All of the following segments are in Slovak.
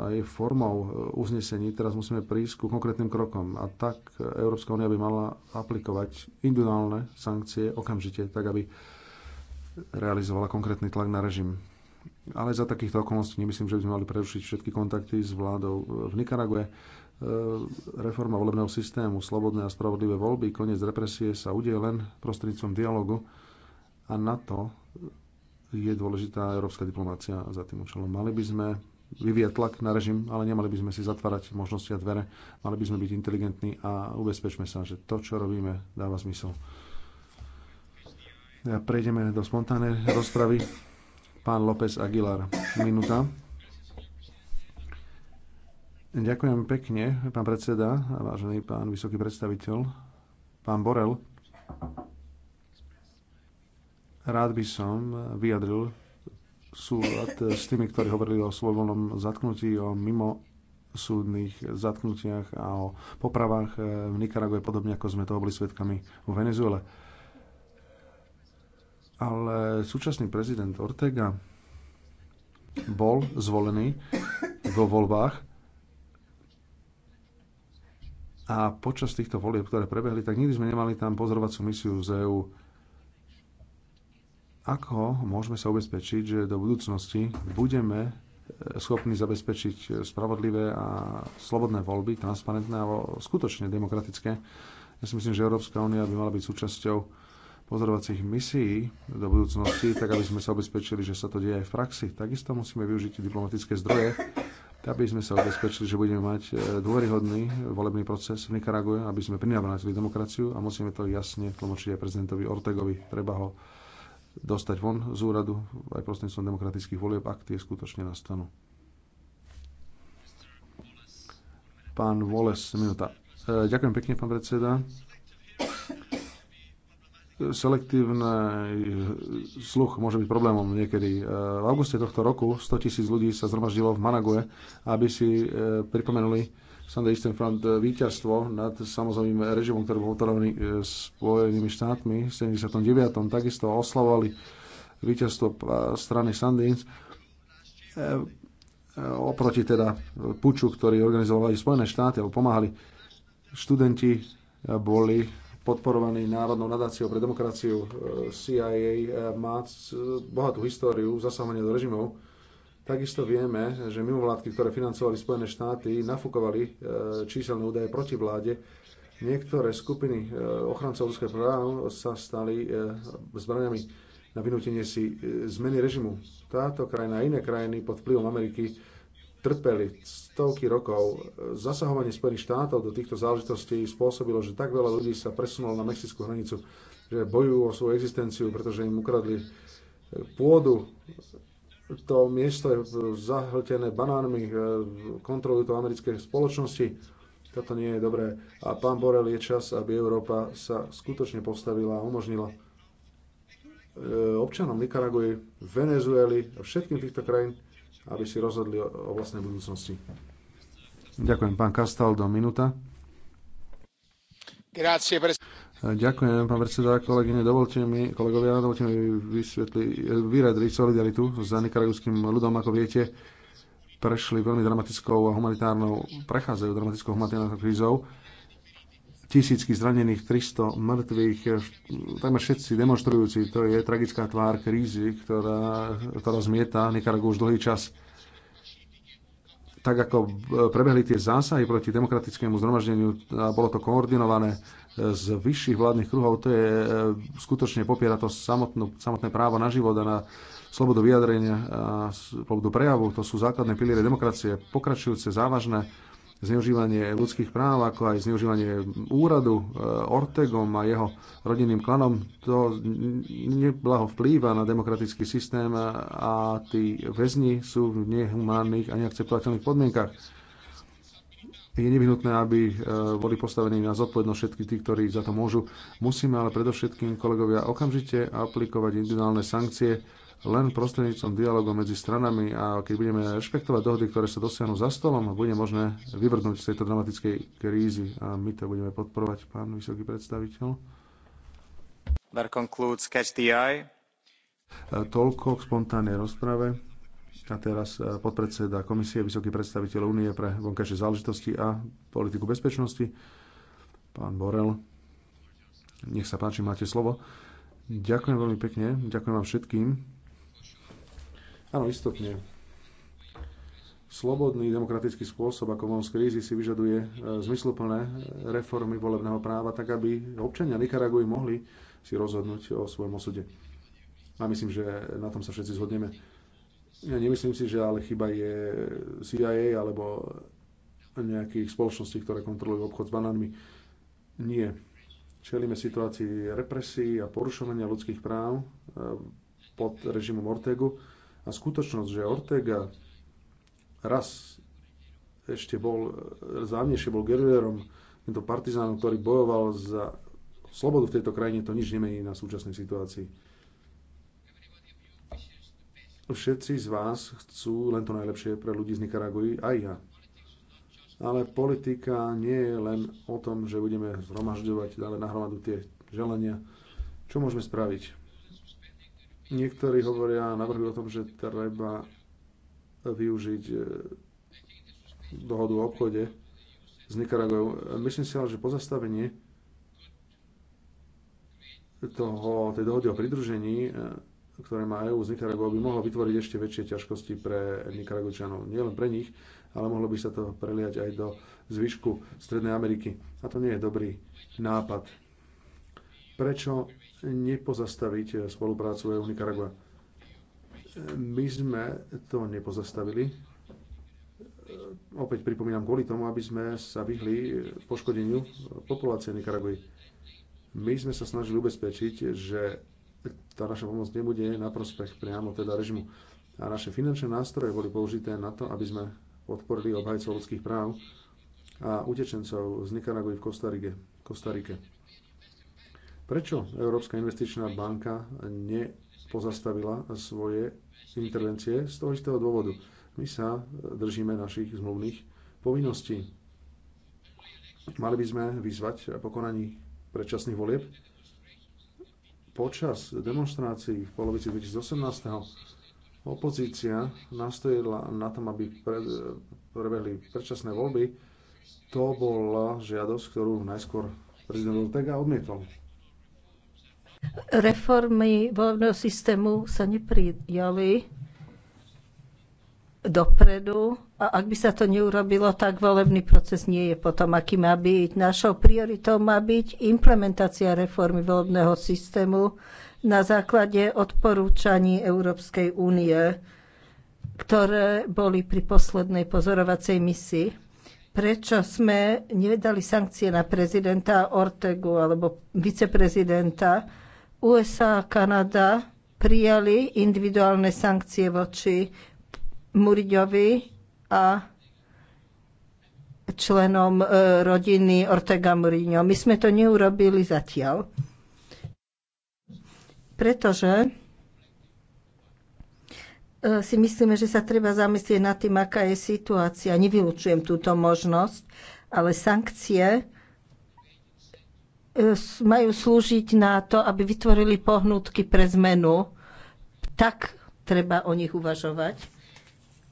aj formou e, uznesení. Teraz musíme prísť ku konkrétnym krokom. A tak Európska únia by mala aplikovať individuálne sankcie okamžite, tak aby realizovala konkrétny tlak na režim. Ale za takýchto okolností nemyslím, že by sme mali prerušiť všetky kontakty s vládou v Nikarague. E, reforma volebného systému, slobodné a spravodlivé voľby, koniec represie sa udeje len prostredníctvom dialogu a na to je dôležitá európska diplomácia za tým účelom. Mali by sme vyvíjať tlak na režim, ale nemali by sme si zatvárať možnosti a dvere. Mali by sme byť inteligentní a ubezpečme sa, že to, čo robíme, dáva zmysel. Ja prejdeme do spontánnej rozpravy. Pán López Aguilar, minúta. Ďakujem pekne, pán predseda, vážený pán vysoký predstaviteľ, pán Borel. Rád by som vyjadril sú s tými, ktorí hovorili o svojvoľnom zatknutí, o mimo súdnych zatknutiach a o popravách e, v Nikarague, podobne ako sme toho boli svetkami v Venezuele. Ale súčasný prezident Ortega bol zvolený vo voľbách a počas týchto volieb, ktoré prebehli, tak nikdy sme nemali tam pozorovacú misiu z EU. Ako môžeme sa ubezpečiť, že do budúcnosti budeme e, schopní zabezpečiť spravodlivé a slobodné voľby, transparentné a skutočne demokratické. Ja si myslím, že Európska únia by mala byť súčasťou pozorovacích misií do budúcnosti, tak aby sme sa ubezpečili, že sa to deje aj v praxi. Takisto musíme využiť diplomatické zdroje, aby sme sa ubezpečili, že budeme mať e, dôveryhodný volebný proces v Nikarague, aby sme prinavratili demokraciu a musíme to jasne tlmočiť aj prezidentovi Ortegovi. Treba ho dostať von z úradu aj prostredníctvom demokratických volieb, ak tie skutočne nastanú. Pán Voles, minúta. E, ďakujem pekne, pán predseda. Selektívny e, sluch môže byť problémom niekedy. E, v auguste tohto roku 100 tisíc ľudí sa zhromaždilo v Manague, aby si pripomenuli Sunday Eastern Front e, víťazstvo nad samozrejmým režimom, ktorý bol utvorený e, Spojenými štátmi v 79. Takisto oslavovali víťazstvo e, strany Sundins oproti teda puču, ktorý organizovali Spojené štáty alebo pomáhali. Študenti boli podporovaní Národnou nadáciou pre demokraciu CIA má bohatú históriu zasahovania do režimov Takisto vieme, že mimovládky, ktoré financovali Spojené štáty, nafúkovali e, číselné údaje proti vláde. Niektoré skupiny e, ochrancov ľudských práv sa stali e, zbraniami na vynútenie si zmeny režimu. Táto krajina a iné krajiny pod vplyvom Ameriky trpeli stovky rokov. Zasahovanie Spojených štátov do týchto záležitostí spôsobilo, že tak veľa ľudí sa presunulo na mexickú hranicu, že bojujú o svoju existenciu, pretože im ukradli pôdu, to miesto je zahltené banánmi, e, kontrolujú to americké spoločnosti. Toto nie je dobré. A pán Borel, je čas, aby Európa sa skutočne postavila a umožnila e, občanom Nikaraguji, Venezueli a všetkým týchto krajín, aby si rozhodli o vlastnej budúcnosti. Ďakujem, pán do minúta. Grazie, Ďakujem, pán predseda, kolegyne, dovolte mi, kolegovia, dovolte mi vysvetli, vyjadriť solidaritu s nikaragujským ľudom, ako viete, prešli veľmi dramatickou a humanitárnou, prechádzajú dramatickou humanitárnou krízou. Tisícky zranených, 300 mŕtvych, takmer všetci demonstrujúci, to je tragická tvár krízy, ktorá, ktorá zmieta Nikaragu už dlhý čas tak ako prebehli tie zásahy proti demokratickému zhromaždeniu a bolo to koordinované e, z vyšších vládnych kruhov, to je e, skutočne popiera to samotnú, samotné právo na život a na slobodu vyjadrenia a slobodu prejavu. To sú základné piliere demokracie, pokračujúce závažné zneužívanie ľudských práv, ako aj zneužívanie úradu e, Ortegom a jeho rodinným klanom, to neblaho vplýva na demokratický systém a tí väzni sú v nehumánnych a neakceptovateľných podmienkach. Je nevyhnutné, aby e, boli postavení na zodpovednosť všetky tí, ktorí za to môžu. Musíme ale predovšetkým, kolegovia, okamžite aplikovať individuálne sankcie, len prostredníctvom dialogu medzi stranami a keď budeme rešpektovať dohody, ktoré sa dosiahnu za stolom, bude možné vyvrhnúť z tejto dramatickej krízy a my to budeme podporovať, pán vysoký predstaviteľ. That concludes Catch the Eye. Toľko k spontánnej rozprave. A teraz e, podpredseda Komisie Vysoký predstaviteľ Únie pre vonkajšie záležitosti a politiku bezpečnosti, pán Borel. Nech sa páči, máte slovo. Ďakujem veľmi pekne, ďakujem vám všetkým Áno, istotne. Slobodný demokratický spôsob, ako von z krízy, si vyžaduje e, zmysluplné e, reformy volebného práva, tak aby občania Nikaraguji mohli si rozhodnúť o svojom osude. A myslím, že na tom sa všetci zhodneme. Ja nemyslím si, že ale chyba je CIA alebo nejakých spoločností, ktoré kontrolujú obchod s banánmi. Nie. Čelíme situácii represí a porušovania ľudských práv e, pod režimom Ortegu a skutočnosť, že Ortega raz ešte bol, závnejšie bol guerillerom, tento partizán, ktorý bojoval za slobodu v tejto krajine, to nič nemení na súčasnej situácii. Všetci z vás chcú len to najlepšie pre ľudí z Nikaraguji, aj ja. Ale politika nie je len o tom, že budeme zhromažďovať, dále nahromadu tie želania. Čo môžeme spraviť? Niektorí hovoria, navrhujú o tom, že treba využiť e, dohodu o obchode s Nikaragou. Myslím si ale, že pozastavenie toho, tej dohody o pridružení, e, ktoré má EU s Nikaragou, by mohlo vytvoriť ešte väčšie ťažkosti pre Nie Nielen pre nich, ale mohlo by sa to preliať aj do zvyšku Strednej Ameriky. A to nie je dobrý nápad. Prečo nepozastaviť eh, spoluprácu EU Nicaragua. My sme to nepozastavili. Opäť pripomínam kvôli tomu, aby sme sa vyhli poškodeniu populácie Nikaragui. My sme sa snažili ubezpečiť, že tá naša pomoc nebude na prospech priamo teda režimu. A naše finančné nástroje boli použité na to, aby sme podporili obhajcov ľudských práv a utečencov z Nikaraguji v Kostarike. Kostarike Prečo Európska investičná banka nepozastavila svoje intervencie? Z toho istého dôvodu. My sa držíme našich zmluvných povinností. Mali by sme vyzvať po konaní predčasných volieb. Počas demonstrácií v polovici 2018. opozícia nastojila na tom, aby prebehli predčasné voľby. To bola žiadosť, ktorú najskôr prezident Ortega odmietol. Reformy volebného systému sa neprijali dopredu a ak by sa to neurobilo, tak volebný proces nie je potom, aký má byť. Našou prioritou má byť implementácia reformy volebného systému na základe odporúčaní Európskej únie, ktoré boli pri poslednej pozorovacej misii. Prečo sme nedali sankcie na prezidenta Ortegu alebo viceprezidenta, USA a Kanada prijali individuálne sankcie voči Muriďovi a členom e, rodiny Ortega Muriňo. My sme to neurobili zatiaľ, pretože e, si myslíme, že sa treba zamyslieť nad tým, aká je situácia. Nevylučujem túto možnosť, ale sankcie majú slúžiť na to, aby vytvorili pohnutky pre zmenu. Tak treba o nich uvažovať.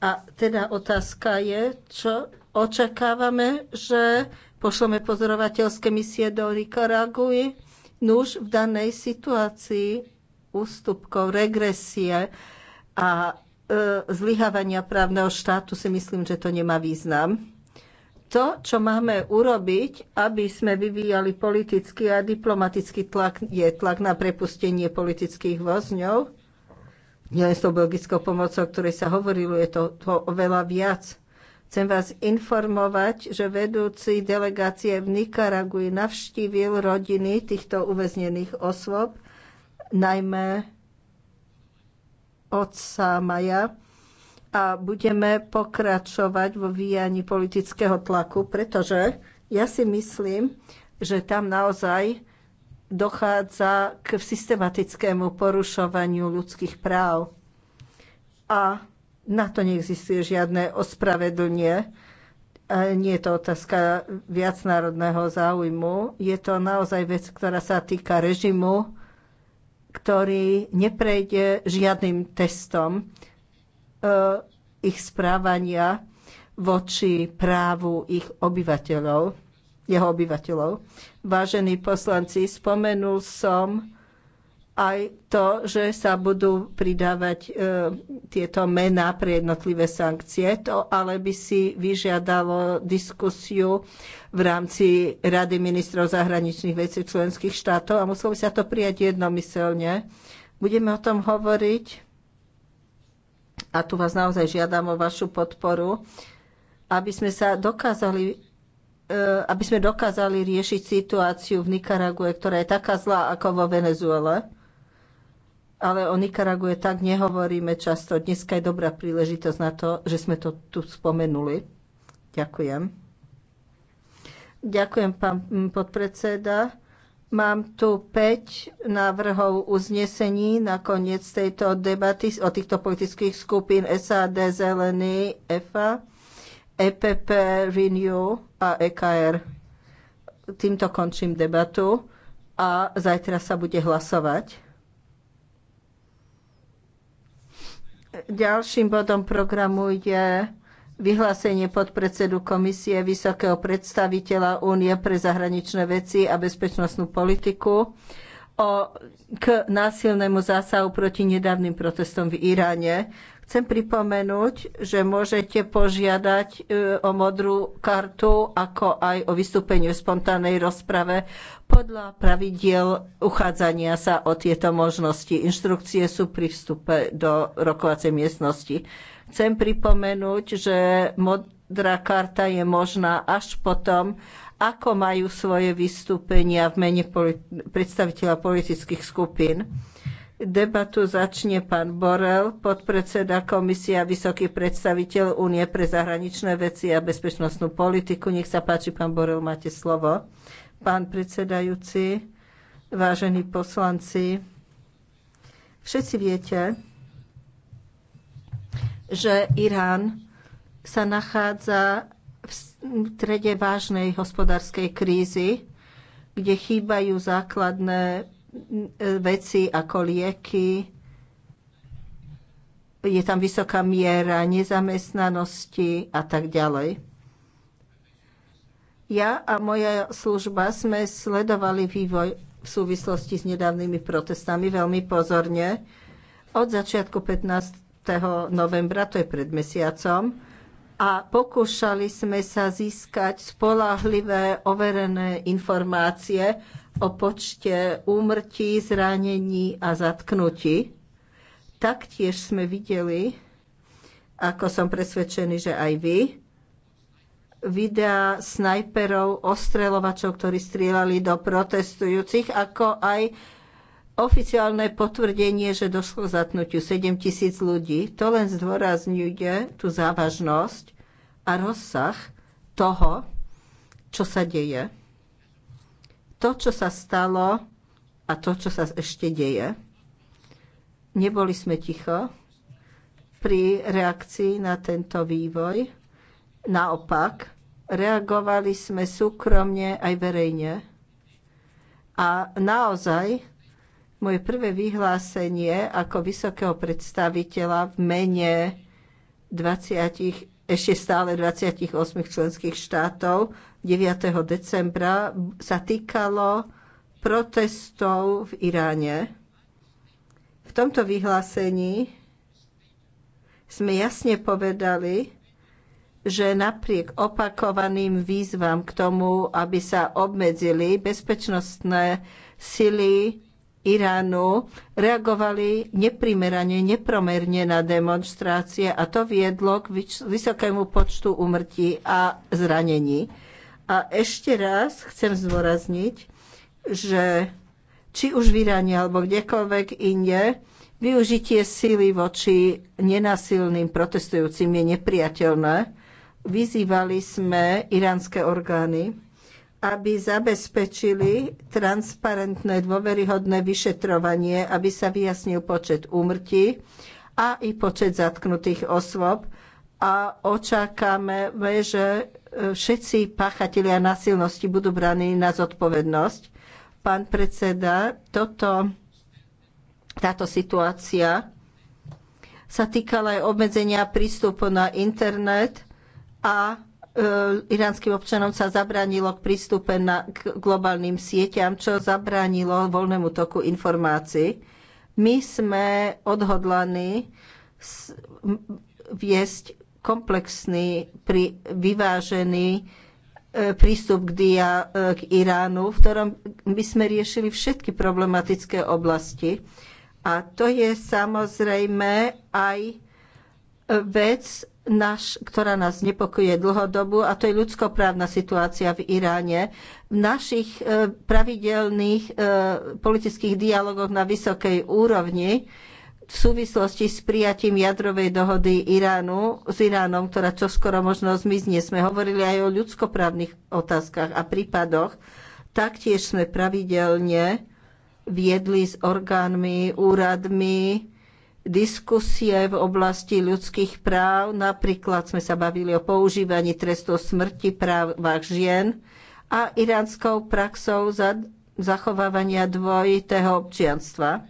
A teda otázka je, čo očakávame, že pošleme pozorovateľské misie do Nikaraguji. Nuž v danej situácii ústupkov, regresie a e, zlyhávania právneho štátu si myslím, že to nemá význam to, čo máme urobiť, aby sme vyvíjali politický a diplomatický tlak, je tlak na prepustenie politických Nie Nielen s tou belgickou pomocou, o ktorej sa hovorilo, je to, to oveľa viac. Chcem vás informovať, že vedúci delegácie v Nikaragui navštívil rodiny týchto uväznených osôb, najmä otca Maja, a budeme pokračovať vo vyjani politického tlaku, pretože ja si myslím, že tam naozaj dochádza k systematickému porušovaniu ľudských práv. A na to neexistuje žiadne ospravedlnie. Nie je to otázka viacnárodného záujmu. Je to naozaj vec, ktorá sa týka režimu, ktorý neprejde žiadnym testom Eh, ich správania voči právu ich obyvateľov, jeho obyvateľov. Vážení poslanci, spomenul som aj to, že sa budú pridávať e, tieto mená pre jednotlivé sankcie. To ale by si vyžiadalo diskusiu v rámci Rady ministrov zahraničných vecí členských štátov a muselo by sa to prijať jednomyselne. Budeme o tom hovoriť a tu vás naozaj žiadam o vašu podporu, aby sme sa dokázali e, aby sme dokázali riešiť situáciu v Nikarague, ktorá je taká zlá ako vo Venezuele. Ale o Nikarague tak nehovoríme často. Dneska je dobrá príležitosť na to, že sme to tu spomenuli. Ďakujem. Ďakujem, pán podpredseda. Mám tu 5 návrhov uznesení na koniec tejto debaty o týchto politických skupín SAD, Zelený, EFA, EPP, Renew a EKR. Týmto končím debatu a zajtra sa bude hlasovať. Ďalším bodom programu je vyhlásenie podpredsedu komisie Vysokého predstaviteľa Únie pre zahraničné veci a bezpečnostnú politiku o, k násilnému zásahu proti nedávnym protestom v Iráne. Chcem pripomenúť, že môžete požiadať e, o modrú kartu, ako aj o vystúpenie v spontánnej rozprave podľa pravidiel uchádzania sa o tieto možnosti. Inštrukcie sú pri vstupe do rokovacej miestnosti. Chcem pripomenúť, že modrá karta je možná až potom, ako majú svoje vystúpenia v mene predstaviteľa politických skupín. Debatu začne pán Borel, podpredseda komisia, vysoký predstaviteľ Únie pre zahraničné veci a bezpečnostnú politiku. Nech sa páči, pán Borel, máte slovo. Pán predsedajúci, vážení poslanci, všetci viete, že Irán sa nachádza v strede vážnej hospodárskej krízy, kde chýbajú základné e, veci ako lieky, je tam vysoká miera nezamestnanosti a tak ďalej. Ja a moja služba sme sledovali vývoj v súvislosti s nedávnymi protestami veľmi pozorne. Od začiatku 15 novembra, to je pred mesiacom, a pokúšali sme sa získať spolahlivé, overené informácie o počte úmrtí, zranení a zatknutí. Taktiež sme videli, ako som presvedčený, že aj vy, videá snajperov, ostrelovačov, ktorí strieľali do protestujúcich, ako aj oficiálne potvrdenie, že došlo k zatnutiu 7 tisíc ľudí, to len zdôrazňuje tú závažnosť a rozsah toho, čo sa deje. To, čo sa stalo a to, čo sa ešte deje. Neboli sme ticho pri reakcii na tento vývoj. Naopak, reagovali sme súkromne aj verejne. A naozaj moje prvé vyhlásenie ako vysokého predstaviteľa v mene 20, ešte stále 28 členských štátov 9. decembra sa týkalo protestov v Iráne. V tomto vyhlásení sme jasne povedali, že napriek opakovaným výzvam k tomu, aby sa obmedzili bezpečnostné sily Iránu reagovali neprimerane, nepromerne na demonstrácie a to viedlo k vysokému počtu umrtí a zranení. A ešte raz chcem zdôrazniť, že či už v Iráne alebo kdekoľvek inde, využitie síly voči nenasilným protestujúcim je nepriateľné. Vyzývali sme iránske orgány, aby zabezpečili transparentné, dôveryhodné vyšetrovanie, aby sa vyjasnil počet úmrtí a i počet zatknutých osôb. A očakáme, že e, všetci páchatelia násilnosti budú braní na zodpovednosť. Pán predseda, toto, táto situácia sa týkala aj obmedzenia prístupu na internet a E, iránskym občanom sa zabránilo k prístupe na, k globálnym sieťam, čo zabránilo voľnému toku informácií. My sme odhodlaní viesť komplexný, pri, vyvážený e, prístup k, dia, e, k Iránu, v ktorom by sme riešili všetky problematické oblasti. A to je samozrejme aj vec, naš, ktorá nás nepokuje dlhodobu, a to je ľudskoprávna situácia v Iráne. V našich e, pravidelných e, politických dialogoch na vysokej úrovni v súvislosti s prijatím jadrovej dohody Iránu s Iránom, ktorá čoskoro možno zmizne, sme hovorili aj o ľudskoprávnych otázkach a prípadoch. Taktiež sme pravidelne viedli s orgánmi, úradmi, diskusie v oblasti ľudských práv. Napríklad sme sa bavili o používaní trestov smrti právach žien a iránskou praxou za zachovávania dvojitého občianstva.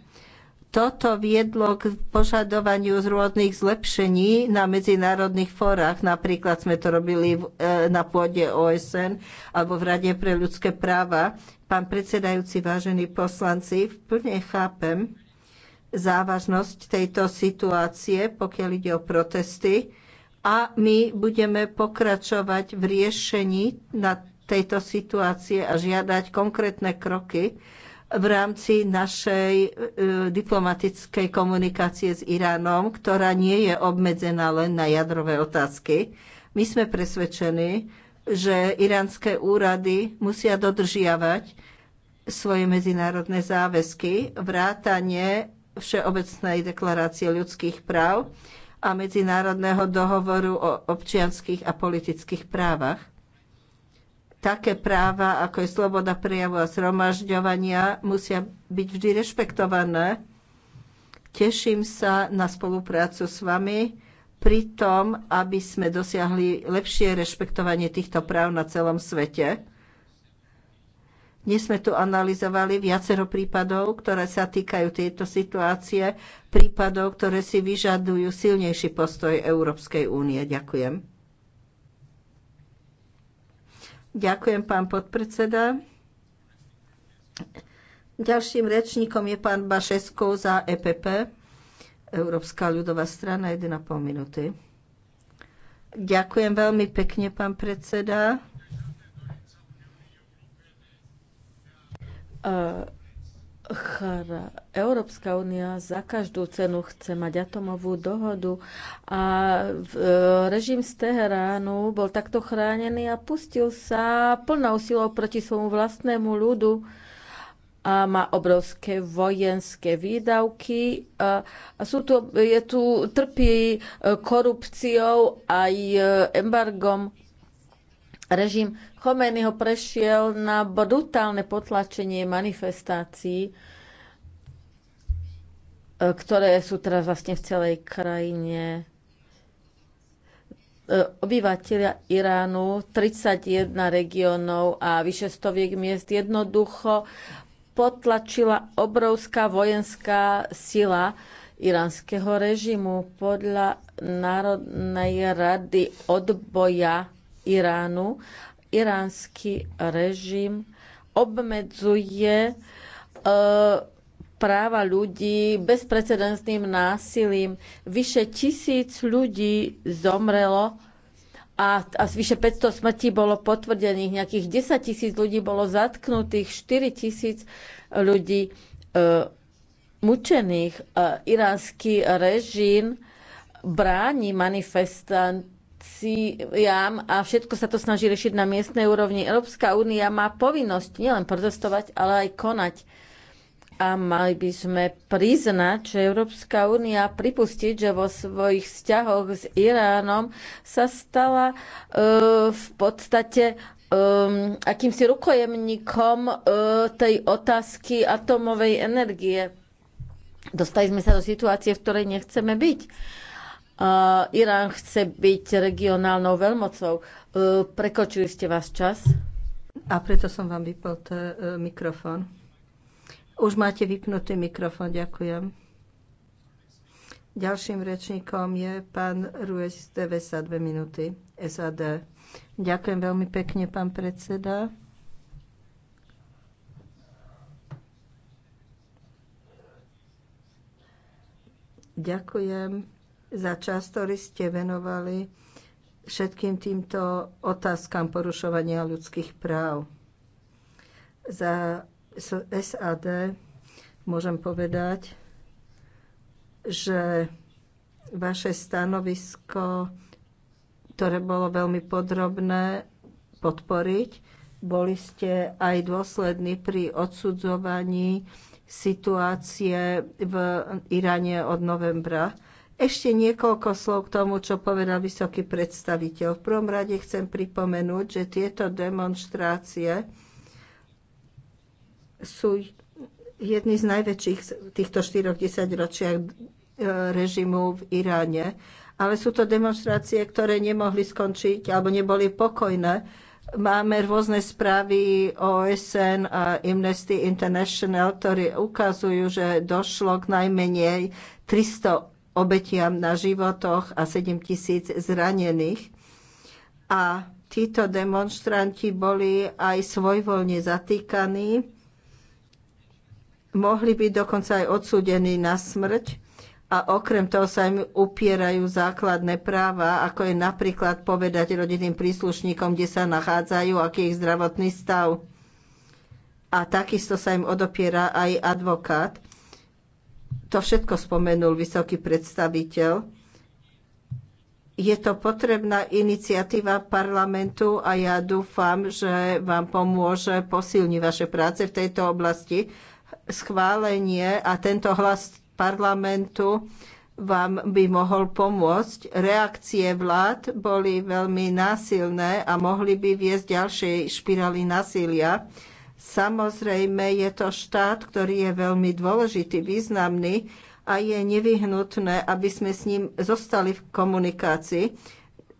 Toto viedlo k požadovaniu z rôznych zlepšení na medzinárodných fórach. Napríklad sme to robili e, na pôde OSN alebo v Rade pre ľudské práva. Pán predsedajúci, vážení poslanci, plne chápem, závažnosť tejto situácie, pokiaľ ide o protesty. A my budeme pokračovať v riešení na tejto situácie a žiadať konkrétne kroky v rámci našej e, diplomatickej komunikácie s Iránom, ktorá nie je obmedzená len na jadrové otázky. My sme presvedčení, že iránske úrady musia dodržiavať svoje medzinárodné záväzky, vrátanie Všeobecnej deklarácie ľudských práv a Medzinárodného dohovoru o občianských a politických právach. Také práva, ako je sloboda prejavu a zhromažďovania, musia byť vždy rešpektované. Teším sa na spoluprácu s vami pri tom, aby sme dosiahli lepšie rešpektovanie týchto práv na celom svete. Dnes sme tu analyzovali viacero prípadov, ktoré sa týkajú tejto situácie, prípadov, ktoré si vyžadujú silnejší postoj Európskej únie. Ďakujem. Ďakujem, pán podpredseda. Ďalším rečníkom je pán Bašesko za EPP, Európska ľudová strana, 1,5 minúty. Ďakujem veľmi pekne, pán predseda. Európska únia za každú cenu chce mať atomovú dohodu a e, režim z Teheránu bol takto chránený a pustil sa plnou silou proti svojmu vlastnému ľudu a má obrovské vojenské výdavky. A, a sú tu, je tu, trpí e, korupciou aj e, embargom režim Chomejnyho prešiel na brutálne potlačenie manifestácií, e, ktoré sú teraz vlastne v celej krajine. E, obyvatelia Iránu, 31 regiónov a vyše stoviek miest jednoducho potlačila obrovská vojenská sila iránskeho režimu podľa Národnej rady odboja Iránu. Iránsky režim obmedzuje e, práva ľudí bezprecedentným násilím. Vyše tisíc ľudí zomrelo a, a vyše 500 smrtí bolo potvrdených, nejakých 10 tisíc ľudí bolo zatknutých, 4 tisíc ľudí e, mučených. E, iránsky režim bráni manifestant sankciám a všetko sa to snaží riešiť na miestnej úrovni. Európska únia má povinnosť nielen protestovať, ale aj konať. A mali by sme priznať, že Európska únia pripustiť, že vo svojich vzťahoch s Iránom sa stala e, v podstate um, akýmsi rukojemníkom uh, tej otázky atomovej energie. Dostali sme sa do situácie, v ktorej nechceme byť. Uh, Irán chce byť regionálnou veľmocou. Uh, e, prekočili ste vás čas. A preto som vám vypol t- uh, mikrofón. Už máte vypnutý mikrofón, ďakujem. Ďalším rečníkom je pán Ruiz Devesa, dve minúty, SAD. Ďakujem veľmi pekne, pán predseda. Ďakujem za čas, ktorý ste venovali všetkým týmto otázkam porušovania ľudských práv. Za SAD môžem povedať, že vaše stanovisko, ktoré bolo veľmi podrobné, podporiť. Boli ste aj dôslední pri odsudzovaní situácie v Iráne od novembra ešte niekoľko slov k tomu, čo povedal vysoký predstaviteľ. V prvom rade chcem pripomenúť, že tieto demonstrácie sú jedny z najväčších v týchto 4 desaťročiach e, režimu v Iráne. Ale sú to demonstrácie, ktoré nemohli skončiť alebo neboli pokojné. Máme rôzne správy OSN a Amnesty International, ktoré ukazujú, že došlo k najmenej 300 obetiam na životoch a 7 tisíc zranených. A títo demonstranti boli aj svojvoľne zatýkaní, mohli byť dokonca aj odsúdení na smrť a okrem toho sa im upierajú základné práva, ako je napríklad povedať rodinným príslušníkom, kde sa nachádzajú, aký je ich zdravotný stav. A takisto sa im odopiera aj advokát. To všetko spomenul vysoký predstaviteľ. Je to potrebná iniciatíva parlamentu a ja dúfam, že vám pomôže posilniť vaše práce v tejto oblasti. Schválenie a tento hlas parlamentu vám by mohol pomôcť. Reakcie vlád boli veľmi násilné a mohli by viesť ďalšej špirály násilia Samozrejme je to štát, ktorý je veľmi dôležitý, významný a je nevyhnutné, aby sme s ním zostali v komunikácii.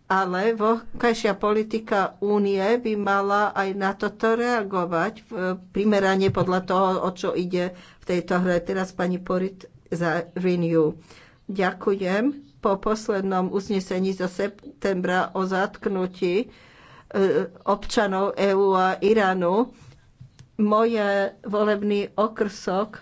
Ale vonkajšia politika únie by mala aj na toto reagovať primerane podľa toho, o čo ide v tejto hre. Teraz pani Porit za Renew. Ďakujem. Po poslednom uznesení zo septembra o zatknutí e, občanov EÚ a Iránu moje volebný okrsok e,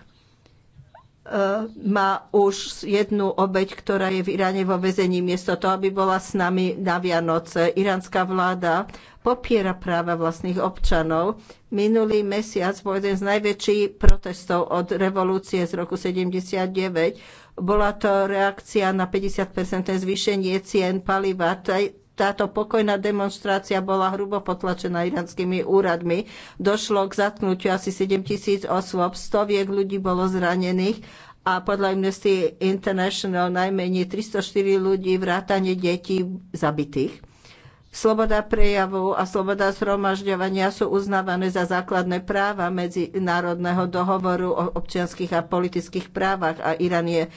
má už jednu obeď, ktorá je v Iráne vo vezení miesto toho, aby bola s nami na Vianoce. Iránska vláda popiera práva vlastných občanov. Minulý mesiac bol jeden z najväčších protestov od revolúcie z roku 79. Bola to reakcia na 50% zvýšenie cien paliva táto pokojná demonstrácia bola hrubo potlačená iránskymi úradmi. Došlo k zatknutiu asi 7 tisíc osôb, stoviek ľudí bolo zranených a podľa Amnesty International najmenej 304 ľudí vrátane detí zabitých. Sloboda prejavu a sloboda zhromažďovania sú uznávané za základné práva Medzinárodného dohovoru o občianských a politických právach a Irán je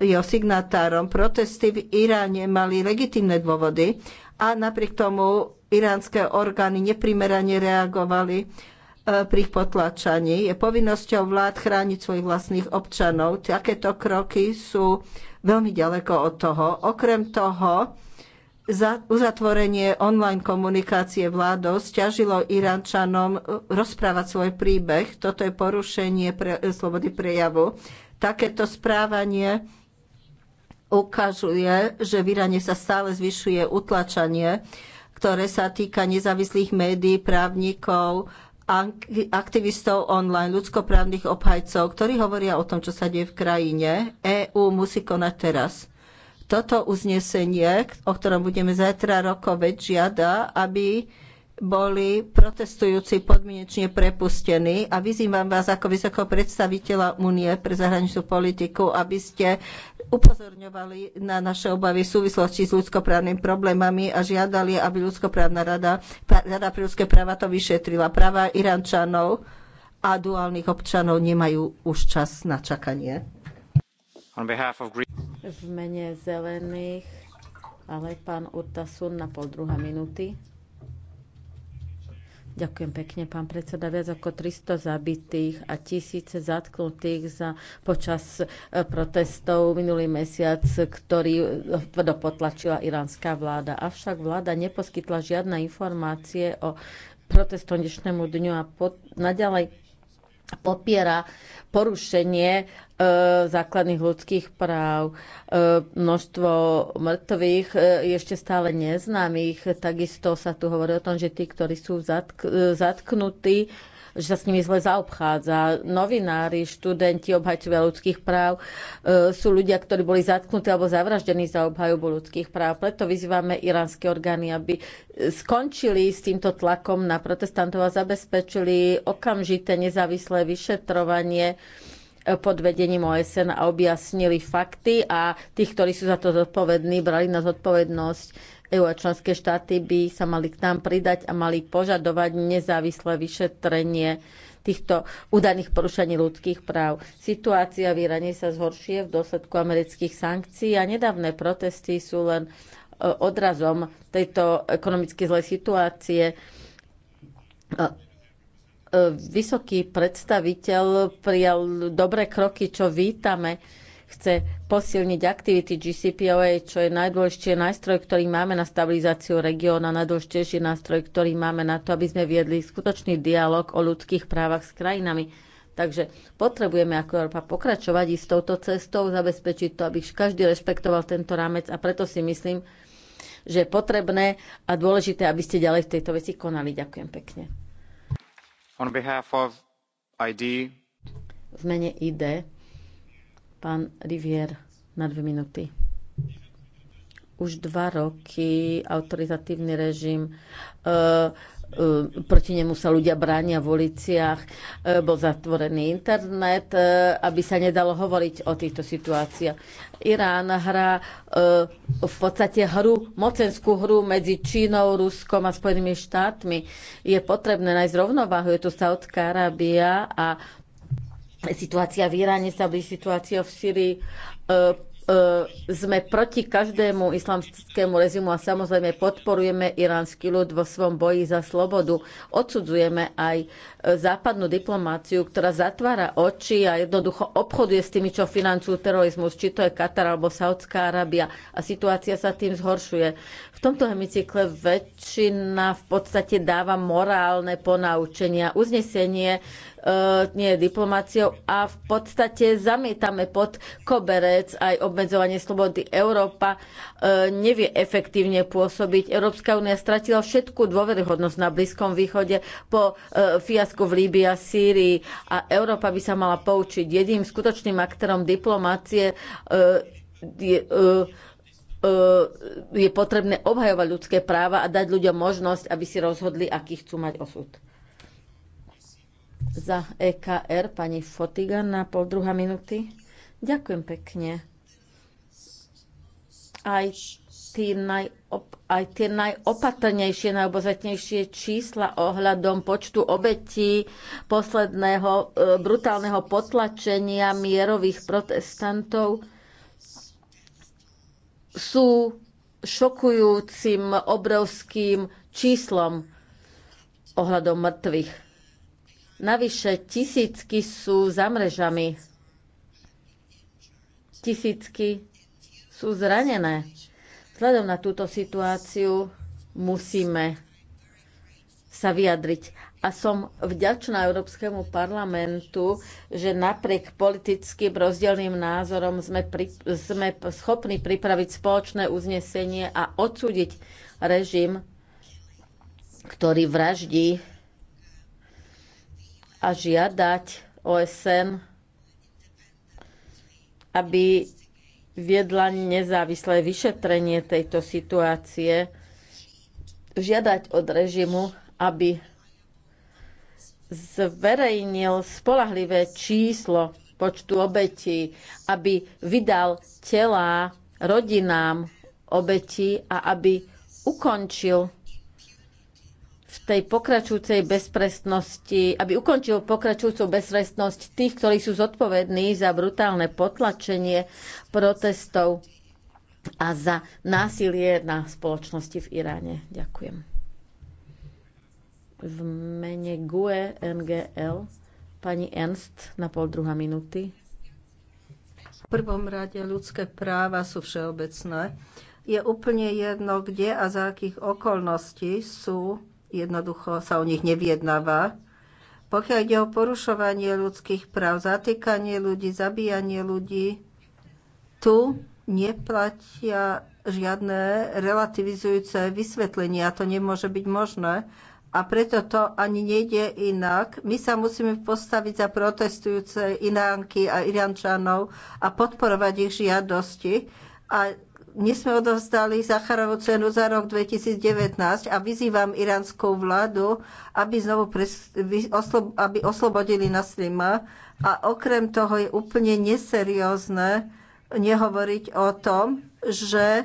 jeho signatárom. Protesty v Iráne mali legitimné dôvody a napriek tomu iránske orgány neprimerane reagovali e, pri ich potlačaní. Je povinnosťou vlád chrániť svojich vlastných občanov. Takéto kroky sú veľmi ďaleko od toho. Okrem toho, za uzatvorenie online komunikácie vládou stiažilo Iránčanom rozprávať svoj príbeh. Toto je porušenie pre, slobody prejavu. Takéto správanie ukazuje, že v Iráne sa stále zvyšuje utlačanie, ktoré sa týka nezávislých médií, právnikov, aktivistov online, ľudskoprávnych obhajcov, ktorí hovoria o tom, čo sa deje v krajine. EÚ musí konať teraz. Toto uznesenie, o ktorom budeme zajtra rokovať, žiada, aby boli protestujúci podmienečne prepustení a vyzývam vás ako vysokého predstaviteľa únie pre zahraničnú politiku, aby ste upozorňovali na naše obavy v súvislosti s ľudskoprávnymi problémami a žiadali, aby ľudskoprávna rada, rada pre ľudské práva to vyšetrila. Práva Irančanov a duálnych občanov nemajú už čas na čakanie. V mene zelených, ale pán Urtasun na pol druhá minúty. Ďakujem pekne, pán predseda. Viac ako 300 zabitých a tisíce zatknutých za, počas eh, protestov minulý mesiac, ktorý tvrdo eh, potlačila iránska vláda. Avšak vláda neposkytla žiadne informácie o protestom dnešnému dňu a pod, naďalej popiera porušenie e, základných ľudských práv. E, množstvo mŕtvych e, ešte stále neznámych. Takisto sa tu hovorí o tom, že tí, ktorí sú zatk- zatknutí, že sa s nimi zle zaobchádza. Novinári, študenti, obhajcovia ľudských práv e, sú ľudia, ktorí boli zatknutí alebo zavraždení za obhajobu ľudských práv. Preto vyzývame iránske orgány, aby skončili s týmto tlakom na protestantov a zabezpečili okamžité nezávislé vyšetrovanie e, pod vedením OSN a objasnili fakty a tých, ktorí sú za to zodpovední, brali na zodpovednosť EU a členské štáty by sa mali k nám pridať a mali požadovať nezávislé vyšetrenie týchto údaných porušení ľudských práv. Situácia v Iráne sa zhoršuje v dôsledku amerických sankcií a nedávne protesty sú len e, odrazom tejto ekonomicky zlej situácie. E, vysoký predstaviteľ prijal dobré kroky, čo vítame chce posilniť aktivity GCPOA, čo je najdôležitejší nástroj, ktorý máme na stabilizáciu regióna, najdôležitejší nástroj, ktorý máme na to, aby sme viedli skutočný dialog o ľudských právach s krajinami. Takže potrebujeme ako Európa pokračovať i s touto cestou, zabezpečiť to, aby každý rešpektoval tento rámec a preto si myslím, že je potrebné a dôležité, aby ste ďalej v tejto veci konali. Ďakujem pekne. On behalf of ID. V mene ID Pán Rivier, na dve minúty. Už dva roky autoritatívny režim uh, proti nemu sa ľudia bránia v uliciach, e, bol zatvorený internet, aby sa nedalo hovoriť o týchto situáciách. Irán hrá v podstate hru, mocenskú hru medzi Čínou, Ruskom a Spojenými štátmi. Je potrebné nájsť rovnováhu. Je tu Saudská Arábia a situácia v Iráne sa blíži situácia v Syrii. E, e, sme proti každému islamskému režimu a samozrejme podporujeme iránsky ľud vo svojom boji za slobodu. Odsudzujeme aj e, západnú diplomáciu, ktorá zatvára oči a jednoducho obchoduje s tými, čo financujú terorizmus, či to je Katar alebo Saudská Arábia. A situácia sa tým zhoršuje. V tomto hemicykle väčšina v podstate dáva morálne ponaučenia. Uznesenie E, nie diplomáciou a v podstate zamietame pod koberec aj obmedzovanie slobody. Európa e, nevie efektívne pôsobiť. Európska únia stratila všetku dôveryhodnosť na Blízkom východe po e, fiasku v Líbii a Sýrii a Európa by sa mala poučiť. Jedným skutočným aktérom diplomácie je, je potrebné obhajovať ľudské práva a dať ľuďom možnosť, aby si rozhodli, aký chcú mať osud. Za EKR pani Fotiga na pol druhá minúty. Ďakujem pekne. Aj tie, najop, aj tie najopatrnejšie, najobozretnejšie čísla ohľadom počtu obetí posledného e, brutálneho potlačenia mierových protestantov sú šokujúcim obrovským číslom ohľadom mŕtvych Navyše tisícky sú za mrežami. Tisícky sú zranené. Vzhľadom na túto situáciu musíme sa vyjadriť. A som vďačná Európskemu parlamentu, že napriek politickým rozdielným názorom sme, pri, sme schopní pripraviť spoločné uznesenie a odsúdiť režim, ktorý vraždí a žiadať OSN, aby viedla nezávislé vyšetrenie tejto situácie, žiadať od režimu, aby zverejnil spolahlivé číslo počtu obetí, aby vydal telá rodinám obetí a aby ukončil v tej pokračujúcej bezprestnosti, aby ukončil pokračujúcu bezprestnosť tých, ktorí sú zodpovední za brutálne potlačenie protestov a za násilie na spoločnosti v Iráne. Ďakujem. V mene GUE NGL pani Ernst na pol druhá minúty. V prvom rade ľudské práva sú všeobecné. Je úplne jedno, kde a za akých okolností sú jednoducho sa o nich neviednáva. Pokiaľ ide o porušovanie ľudských práv, zatýkanie ľudí, zabíjanie ľudí, tu neplatia žiadne relativizujúce vysvetlenia. To nemôže byť možné. A preto to ani nejde inak. My sa musíme postaviť za protestujúce Iránky a Iránčanov a podporovať ich žiadosti. A my sme odovzdali Zacharovú cenu za rok 2019 a vyzývam iránskú vládu, aby znovu pres, oslo, aby oslobodili Naslima. A okrem toho je úplne neseriózne nehovoriť o tom, že e,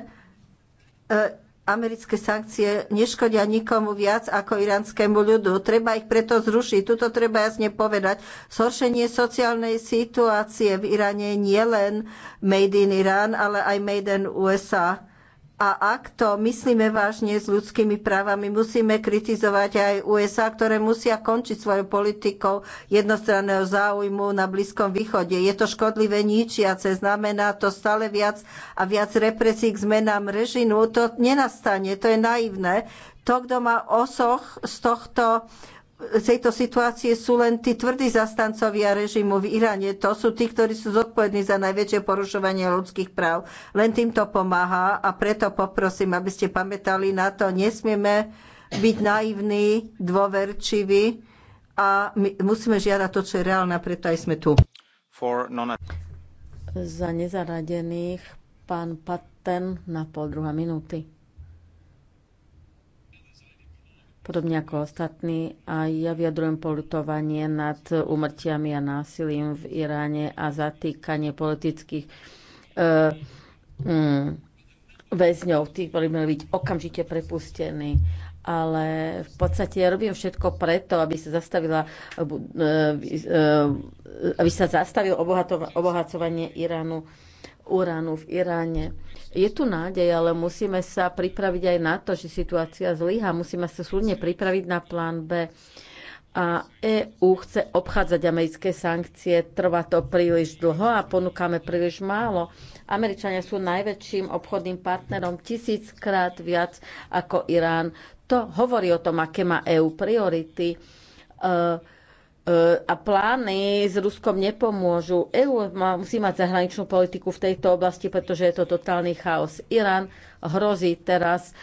americké sankcie neškodia nikomu viac ako iránskému ľudu. Treba ich preto zrušiť. Tuto treba jasne povedať. Zhoršenie sociálnej situácie v Iráne nie len Made in Irán, ale aj Made in USA. A ak to myslíme vážne s ľudskými právami, musíme kritizovať aj USA, ktoré musia končiť svojou politikou jednostranného záujmu na Blízkom východe. Je to škodlivé ničiace, znamená to stále viac a viac represí k zmenám režimu. To nenastane, to je naivné. To, kto má osoch z tohto tejto situácie sú len tí tvrdí zastancovia režimu v Iráne. To sú tí, ktorí sú zodpovední za najväčšie porušovanie ľudských práv. Len týmto pomáha a preto poprosím, aby ste pamätali na to, nesmieme byť naivní, dôverčiví a my musíme žiadať to, čo je reálne, preto aj sme tu. Za nezaradených pán Patten na pol druhá minúty. podobne ako ostatní. A ja vyjadrujem polutovanie nad umrtiami a násilím v Iráne a zatýkanie politických uh, um, väzňov. Tí, ktorí mali byť okamžite prepustení ale v podstate ja robím všetko preto, aby sa zastavila e, e, aby sa zastavil obohacovanie Iránu uránu v Iráne. Je tu nádej, ale musíme sa pripraviť aj na to, že situácia zlyha. Musíme sa súdne pripraviť na plán B. A EU chce obchádzať americké sankcie, trvá to príliš dlho a ponúkame príliš málo. Američania sú najväčším obchodným partnerom tisíckrát viac ako Irán. To hovorí o tom, aké má EU priority. Uh, a plány s Ruskom nepomôžu. EU musí mať zahraničnú politiku v tejto oblasti, pretože je to totálny chaos. Irán hrozí teraz e,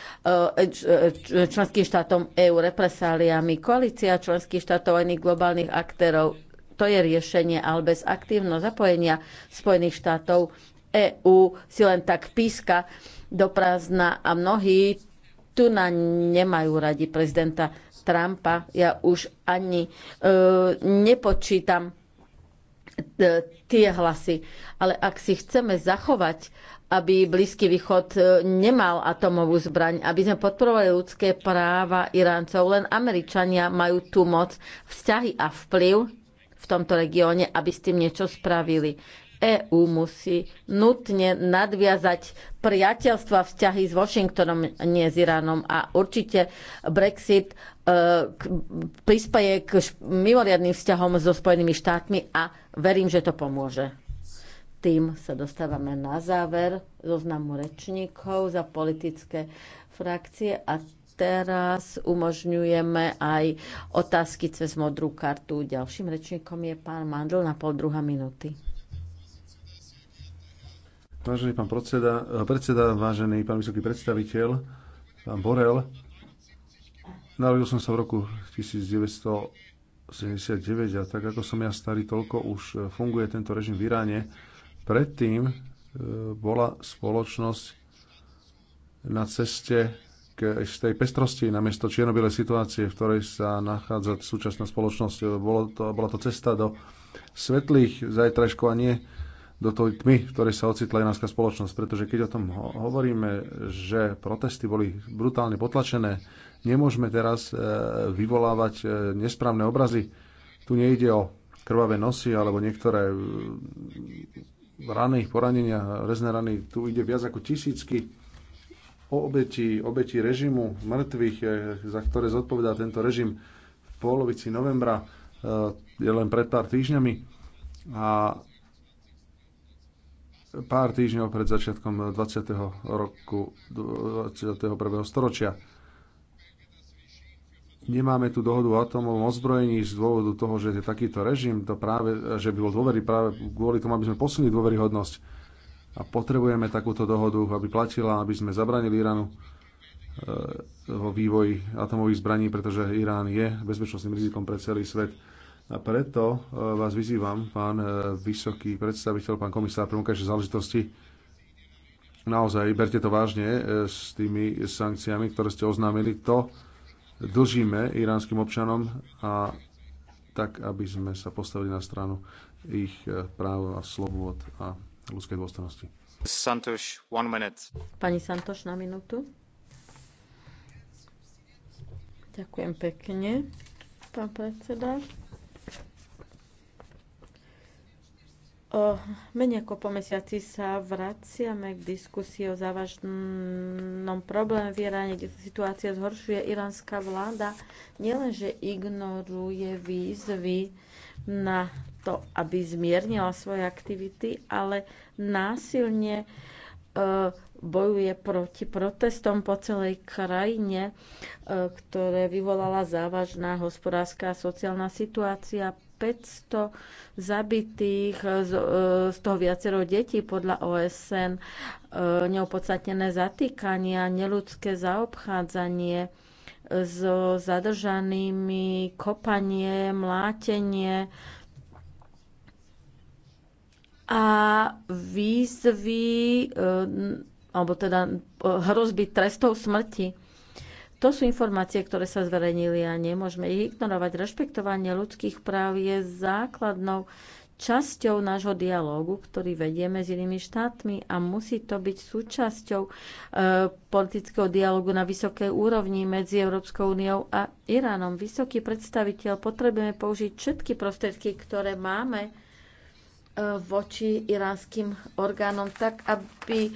e, členským štátom EU represáliami. Koalícia členských štátov a iných globálnych aktérov to je riešenie, ale bez aktívneho zapojenia Spojených štátov EÚ si len tak píska do prázdna a mnohí tu na nemajú radi prezidenta Trumpa ja už ani e, nepočítam e, tie hlasy. Ale ak si chceme zachovať, aby Blízky východ e, nemal atomovú zbraň, aby sme podporovali ľudské práva Iráncov, len Američania majú tú moc, vzťahy a vplyv v tomto regióne, aby s tým niečo spravili. EÚ musí nutne nadviazať priateľstva vzťahy s Washingtonom, nie s Iránom. A určite Brexit uh, prispieje k mimoriadným vzťahom so Spojenými štátmi a verím, že to pomôže. Tým sa dostávame na záver zoznamu rečníkov za politické frakcie a teraz umožňujeme aj otázky cez modrú kartu. Ďalším rečníkom je pán Mandl na pol druhá minúty. Vážený pán predseda, predseda vážený pán vysoký predstaviteľ, pán Borel, narodil som sa v roku 1979 a tak ako som ja starý, toľko už funguje tento režim v Iráne. Predtým e, bola spoločnosť na ceste k tej pestrosti namiesto čiernobielej situácie, v ktorej sa nachádza súčasná spoločnosť. Bolo to, bola to cesta do svetlých zajtrajškov a nie do tej tmy, v ktorej sa ocitla iránska spoločnosť. Pretože keď o tom hovoríme, že protesty boli brutálne potlačené, nemôžeme teraz e, vyvolávať e, nesprávne obrazy. Tu nejde o krvavé nosy alebo niektoré e, rany, poranenia, rezné rany. Tu ide viac ako tisícky o obeti, obeti režimu mŕtvych, za ktoré zodpovedá tento režim v polovici novembra, je len pred pár týždňami. A pár týždňov pred začiatkom 20. roku 21. storočia. Nemáme tu dohodu o atomovom ozbrojení z dôvodu toho, že je takýto režim, to práve, že by bol dôvery práve kvôli tomu, aby sme posunili dôveryhodnosť. A potrebujeme takúto dohodu, aby platila, aby sme zabranili Iránu eh, vo vývoji atomových zbraní, pretože Irán je bezpečnostným rizikom pre celý svet. A preto e, vás vyzývam, pán e, vysoký predstaviteľ, pán komisár pre vonkajšie záležitosti, naozaj berte to vážne e, s tými sankciami, ktoré ste oznámili. To dlžíme iránskym občanom a tak, aby sme sa postavili na stranu ich práv a slobod a ľudskej dôstojnosti. Santoš, one minute. Pani Santoš, na minútu. Ďakujem pekne, pán predseda. O menej ako po mesiaci sa vraciame k diskusii o závažnom probléme v Iráne, kde sa situácia zhoršuje. Iránska vláda nielenže ignoruje výzvy na to, aby zmiernila svoje aktivity, ale násilne e, bojuje proti protestom po celej krajine, e, ktoré vyvolala závažná hospodárska a sociálna situácia 500 zabitých, e, e, z toho viacero detí podľa OSN, e, neopodstatnené zatýkania, neludské zaobchádzanie so zadržanými, kopanie, mlátenie a výzvy, alebo teda hrozby trestov smrti. To sú informácie, ktoré sa zverejnili a nemôžeme ich ignorovať. Rešpektovanie ľudských práv je základnou časťou nášho dialógu, ktorý vedieme s inými štátmi a musí to byť súčasťou e, politického dialógu na vysokej úrovni medzi Európskou úniou a Iránom. Vysoký predstaviteľ, potrebujeme použiť všetky prostriedky, ktoré máme e, voči iránskym orgánom, tak aby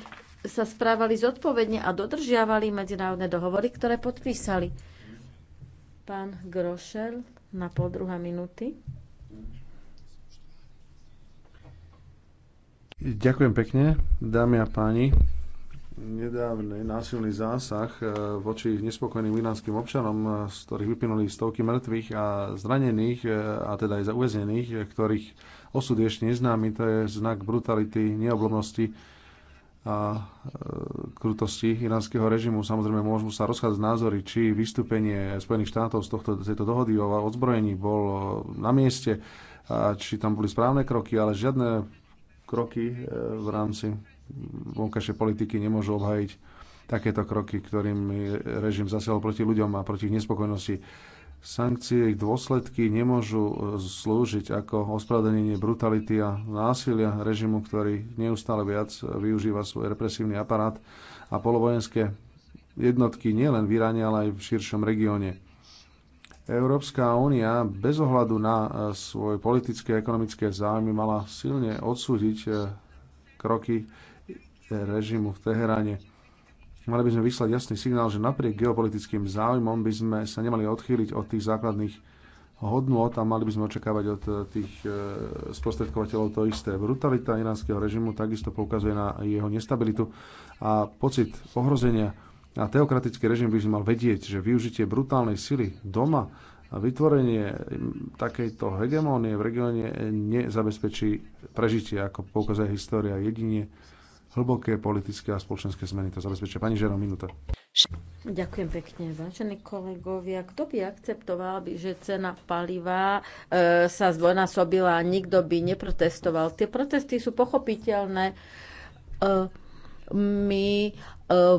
sa správali zodpovedne a dodržiavali medzinárodné dohovory, ktoré podpísali. Pán Grošel na pol druhá minúty. Ďakujem pekne, dámy a páni. Nedávny násilný zásah eh, voči nespokojným iránskym občanom, eh, z ktorých vypinuli stovky mŕtvych a zranených, eh, a teda aj zauväznených, ktorých osud je ešte neznámy, to je znak brutality, neoblomnosti a e, krutosti iránskeho režimu. Samozrejme, môžu sa rozchádzať názory, či vystúpenie Spojených štátov z, tohto, tejto dohody o odzbrojení bol na mieste, a či tam boli správne kroky, ale žiadne kroky e, v rámci vonkajšej politiky nemôžu obhajiť takéto kroky, ktorým režim zasiahol proti ľuďom a proti nespokojnosti Sankcie, ich dôsledky nemôžu e, slúžiť ako ospravedlnenie brutality a násilia režimu, ktorý neustále viac e, využíva svoj represívny aparát a polovojenské jednotky nielen v Iráne, ale aj v širšom regióne. Európska únia bez ohľadu na e, svoje politické a ekonomické záujmy mala silne odsúdiť kroky režimu v Teheráne Mali by sme vyslať jasný signál, že napriek geopolitickým záujmom by sme sa nemali odchýliť od tých základných hodnôt a mali by sme očakávať od eh, tých eh, sprostredkovateľov to isté. Brutalita iránskeho režimu takisto poukazuje na jeho nestabilitu a pocit ohrozenia. A teokratický režim by mal vedieť, že využitie brutálnej sily doma a vytvorenie mm, takejto hegemónie v regióne eh, nezabezpečí prežitie, ako poukazuje história. Jedine hlboké politické a spoločenské zmeny to zabezpečia. Pani Žero, minúta. Ďakujem pekne, vážení kolegovia. Kto by akceptoval, že cena paliva e, sa zdvojnásobila a nikto by neprotestoval? Tie protesty sú pochopiteľné. E, my e,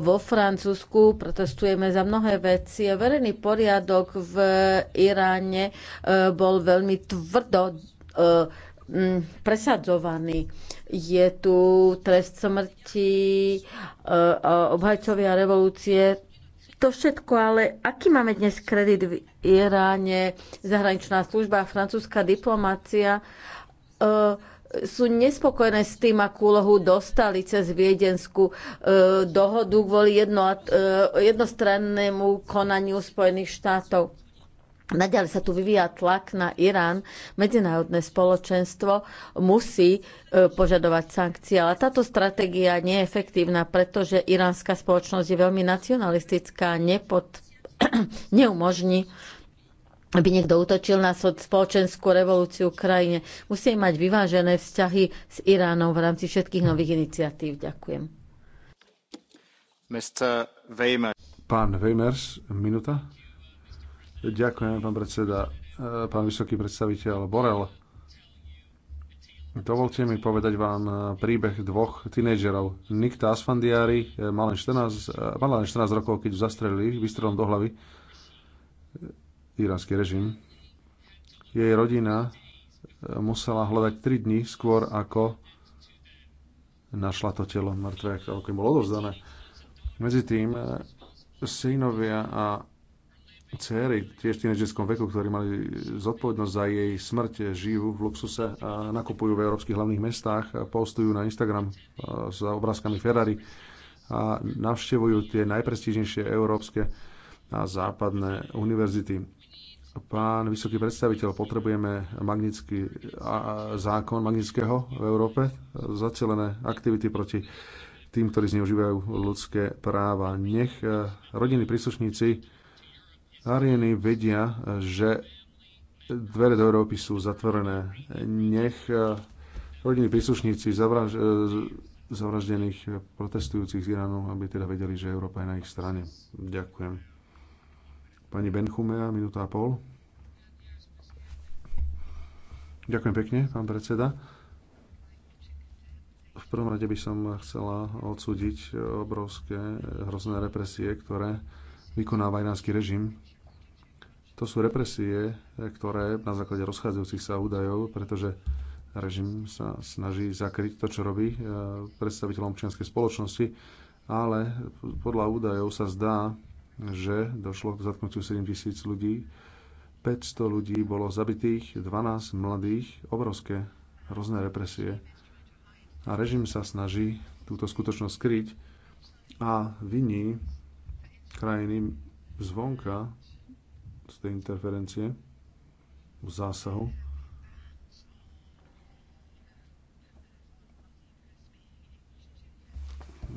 vo Francúzsku protestujeme za mnohé veci. Verejný poriadok v Iráne e, bol veľmi tvrdo e, presadzovaný je tu trest smrti, e, obhajcovia revolúcie. To všetko, ale aký máme dnes kredit v Iráne, zahraničná služba, francúzska diplomácia e, sú nespokojené s tým, akú úlohu dostali cez viedenskú e, dohodu kvôli jedno, jednostrannému konaniu Spojených štátov Naďalej sa tu vyvíja tlak na Irán. Medzinárodné spoločenstvo musí e, požadovať sankcie, ale táto stratégia nie je efektívna, pretože iránska spoločnosť je veľmi nacionalistická, nepod... neumožní aby niekto útočil na spoločenskú revolúciu v krajine. Musí mať vyvážené vzťahy s Iránom v rámci všetkých nových iniciatív. Ďakujem. Mr. Weimers. Pán Weimers, minúta. Ďakujem, pán predseda, eh, pán vysoký predstaviteľ Borel. Dovolte mi povedať vám eh, príbeh dvoch tínejdžerov. Nikta Asfandiari eh, mal len 14, mal len 14 rokov, keď zastrelili výstrelom do hlavy iránsky režim. Jej rodina musela hľadať 3 dní skôr, ako našla to telo mŕtve, ako im bolo odovzdané. Medzi tým synovia a dcery, tiež tínedžerskom veku, ktorí mali zodpovednosť za jej smrť, žijú v luxuse a nakupujú v európskych hlavných mestách, postujú na Instagram e, s obrázkami Ferrari a navštevujú tie najprestížnejšie európske a západné univerzity. Pán vysoký predstaviteľ, potrebujeme magnický zákon magnického v Európe, zacelené aktivity proti tým, ktorí zneužívajú ľudské práva. Nech e, rodiny príslušníci Arieny vedia, že dvere do Európy sú zatvorené. Nech eh, rodiny príslušníci zavraž, eh, zavraždených protestujúcich z Iránu, aby teda vedeli, že Európa je na ich strane. Ďakujem. Pani Benchumea, minúta a pol. Ďakujem pekne, pán predseda. V prvom rade by som chcela odsúdiť obrovské hrozné represie, ktoré vykonáva iránsky režim to sú represie, ktoré na základe rozchádzajúcich sa údajov, pretože režim sa snaží zakryť to, čo robí eh, predstaviteľom občianskej spoločnosti, ale podľa údajov sa zdá, že došlo k zatknutiu 7 tisíc ľudí, 500 ľudí bolo zabitých, 12 mladých, obrovské rôzne represie. A režim sa snaží túto skutočnosť skryť a viní krajiny zvonka z tej interferencie, zásahu.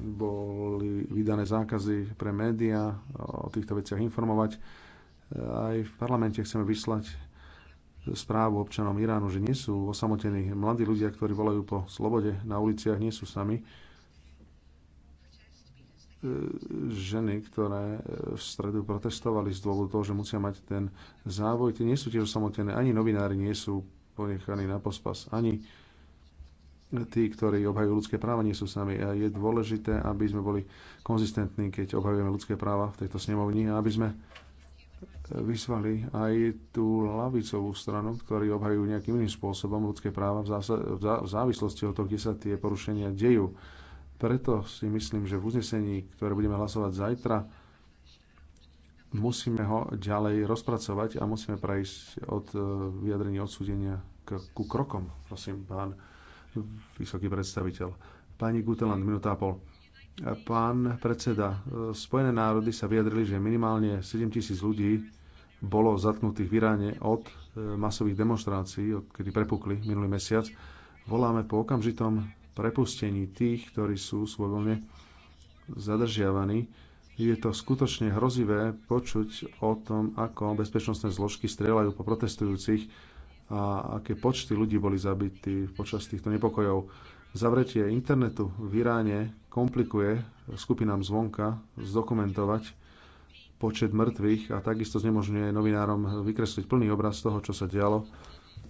Boli vydané zákazy pre médiá o týchto veciach informovať. Aj v parlamente chceme vyslať správu občanom Iránu, že nie sú osamotení. Mladí ľudia, ktorí volajú po slobode na uliciach, nie sú sami ženy, ktoré e, v stredu protestovali z dôvodu toho, že musia mať ten závoj, tie nie sú tiež samotné, ani novinári nie sú ponechaní na pospas, ani tí, ktorí obhajujú ľudské práva, nie sú sami. A je dôležité, aby sme boli konzistentní, keď obhajujeme ľudské práva v tejto snemovni a aby sme vyzvali aj tú lavicovú stranu, ktorí obhajujú nejakým iným spôsobom ľudské práva v, závislosti od toho, kde sa tie porušenia dejú preto si myslím, že v uznesení, ktoré budeme hlasovať zajtra, musíme ho ďalej rozpracovať a musíme prejsť od e, vyjadrenia odsúdenia k, ku krokom. Prosím, pán vysoký predstaviteľ. Pani Guteland, minúta a pol. Pán predseda, e, Spojené národy sa vyjadrili, že minimálne 7 tisíc ľudí bolo zatknutých v Iráne od e, masových demonstrácií, od kedy prepukli minulý mesiac. Voláme po okamžitom prepustení tých, ktorí sú svojvoľne zadržiavaní. Je to skutočne hrozivé počuť o tom, ako bezpečnostné zložky strieľajú po protestujúcich a aké počty ľudí boli zabití počas týchto nepokojov. Zavretie internetu v Iráne komplikuje skupinám zvonka zdokumentovať počet mŕtvych a takisto znemožňuje novinárom vykresliť plný obraz toho, čo sa dialo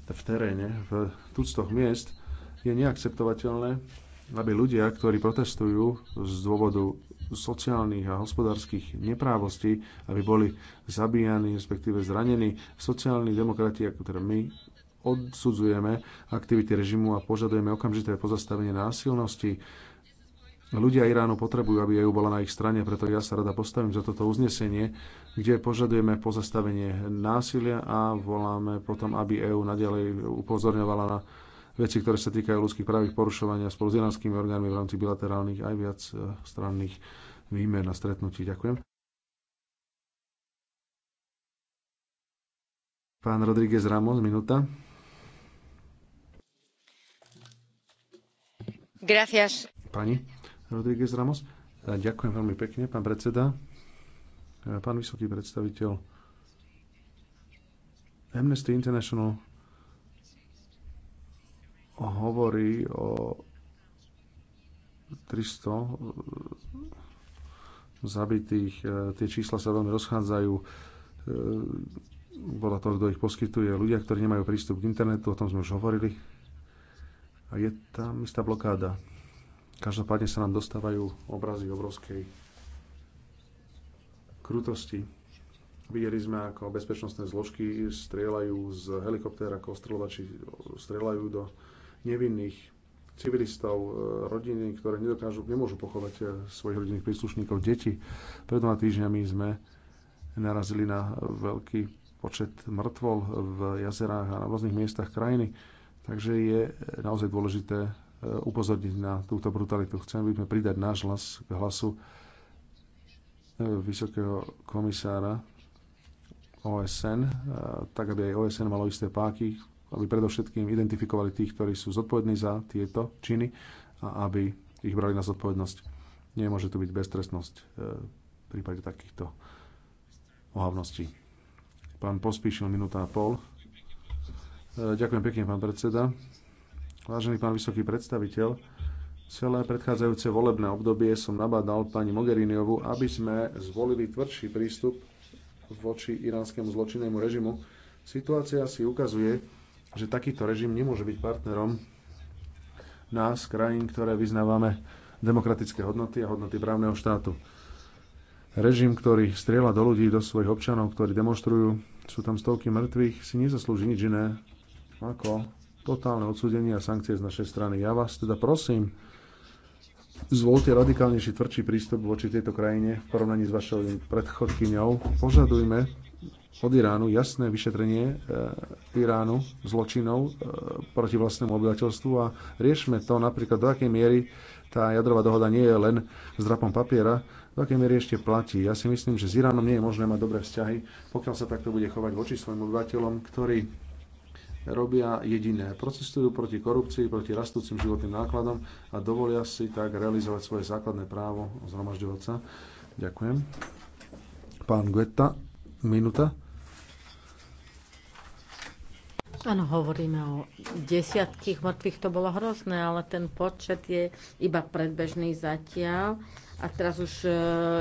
v teréne, v tuctoch miest je neakceptovateľné, aby ľudia, ktorí protestujú z dôvodu sociálnych a hospodárskych neprávostí, aby boli zabíjani, respektíve zranení. Sociálni demokrati, ako teda my, odsudzujeme aktivity režimu a požadujeme okamžité pozastavenie násilnosti. Ľudia Iránu potrebujú, aby EU bola na ich strane, preto ja sa rada postavím za toto uznesenie, kde požadujeme pozastavenie násilia a voláme potom, aby EÚ nadalej upozorňovala na veci, ktoré sa týkajú ľudských práv porušovania spolu s iránskymi orgánmi v rámci bilaterálnych aj viac e, stranných výmen a stretnutí. Ďakujem. Pán Rodríguez Ramos, minúta. Gracias. Pani Rodríguez Ramos, e, ďakujem veľmi pekne, pán predseda. E, pán vysoký predstaviteľ Amnesty International hovorí o 300 e, zabitých. E, tie čísla sa veľmi rozchádzajú e, podľa toho, kto ich poskytuje. Ľudia, ktorí nemajú prístup k internetu, o tom sme už hovorili. A je tam istá blokáda. Každopádne sa nám dostávajú obrazy obrovskej krutosti. Videli sme, ako bezpečnostné zložky strieľajú z helikoptér, ako ostreľovači strieľajú do nevinných civilistov, e, rodiny, ktoré nedokážu, nemôžu pochovať e, svojich rodinných príslušníkov, deti. Pred dvoma týždňami sme narazili na veľký počet mŕtvol v jazerách a na rôznych miestach krajiny. Takže je naozaj dôležité e, upozorniť na túto brutalitu. Chcem by sme pridať náš hlas k hlasu vysokého komisára OSN, tak aby aj OSN malo isté páky aby predovšetkým identifikovali tých, ktorí sú zodpovední za tieto činy a aby ich brali na zodpovednosť. Nemôže tu byť beztrestnosť e, v prípade takýchto ohavností. Pán Pospíšil, minúta a pol. E, ďakujem pekne, pán predseda. Vážený pán vysoký predstaviteľ, celé predchádzajúce volebné obdobie som nabádal pani Mogheriniovu, aby sme zvolili tvrdší prístup voči iránskemu zločinnému režimu. Situácia si ukazuje, že takýto režim nemôže byť partnerom nás, krajín, ktoré vyznávame demokratické hodnoty a hodnoty právneho štátu. Režim, ktorý strieľa do ľudí, do svojich občanov, ktorí demonstrujú, sú tam stovky mŕtvych, si nezaslúži nič iné ako totálne odsúdenie a sankcie z našej strany. Ja vás teda prosím, Zvolte radikálnejší, tvrdší prístup voči tejto krajine v porovnaní s vašou predchodkyňou. Požadujme od Iránu jasné vyšetrenie e, Iránu zločinov e, proti vlastnému obyvateľstvu a riešme to napríklad do akej miery tá jadrová dohoda nie je len s drapom papiera, do akej miery ešte platí. Ja si myslím, že s Iránom nie je možné mať dobré vzťahy, pokiaľ sa takto bude chovať voči svojim obyvateľom, ktorí robia jediné. Protestujú proti korupcii, proti rastúcim životným nákladom a dovolia si tak realizovať svoje základné právo zhromažďovať sa. Ďakujem. Pán Guetta, minúta. Áno, hovoríme o desiatkých mŕtvych, to bolo hrozné, ale ten počet je iba predbežný zatiaľ. A teraz už e,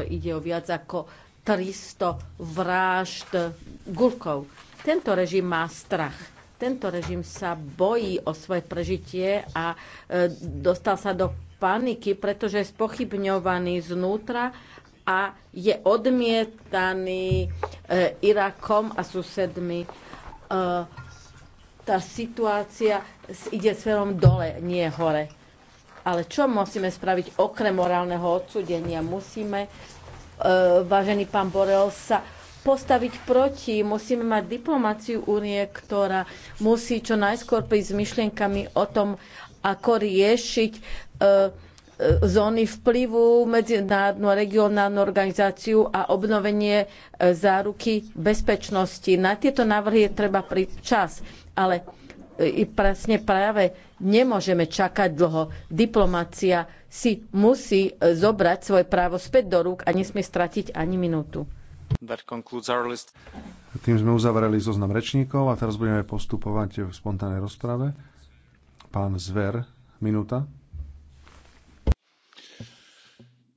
ide o viac ako 300 vražd gulkov. Tento režim má strach tento režim sa bojí o svoje prežitie a e, dostal sa do paniky, pretože je spochybňovaný znútra a je odmietaný e, Irakom a susedmi e, tá situácia ide smerom dole, nie hore. Ale čo musíme spraviť okrem morálneho odsudenia? Musíme, e, vážený pán Borel, sa postaviť proti. Musíme mať diplomáciu únie, ktorá musí čo najskôr prísť s myšlienkami o tom, ako riešiť e, e zóny vplyvu medzinárodnú regionálnu organizáciu a obnovenie e, záruky bezpečnosti. Na tieto návrhy je treba prísť čas, ale e, i presne práve nemôžeme čakať dlho. Diplomácia si musí zobrať svoje právo späť do rúk a nesmie stratiť ani minútu. Tým sme uzavreli zoznam rečníkov a teraz budeme postupovať v spontánnej rozprave. Pán Zver, minúta.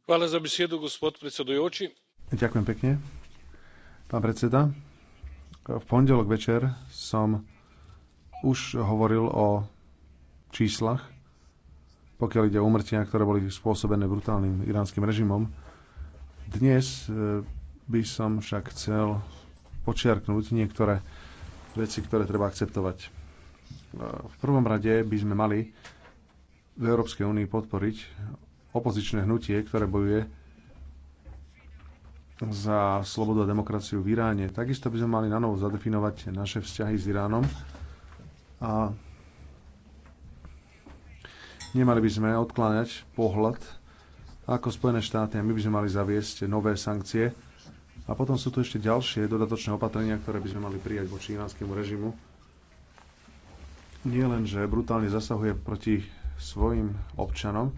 Hvala za besiedu, gospod predsedujúci. Ďakujem pekne. Pán predseda, v pondelok večer som už hovoril o číslach, pokiaľ ide o umrtia, ktoré boli spôsobené brutálnym iránskym režimom. Dnes by som však chcel počiarknúť niektoré veci, ktoré treba akceptovať. V prvom rade by sme mali v Európskej únii podporiť opozičné hnutie, ktoré bojuje za slobodu a demokraciu v Iráne. Takisto by sme mali na novo zadefinovať naše vzťahy s Iránom a nemali by sme odkláňať pohľad ako Spojené štáty a my by sme mali zaviesť nové sankcie, a potom sú tu ešte ďalšie dodatočné opatrenia, ktoré by sme mali prijať voči iránskému režimu. Nie len, že brutálne zasahuje proti svojim občanom,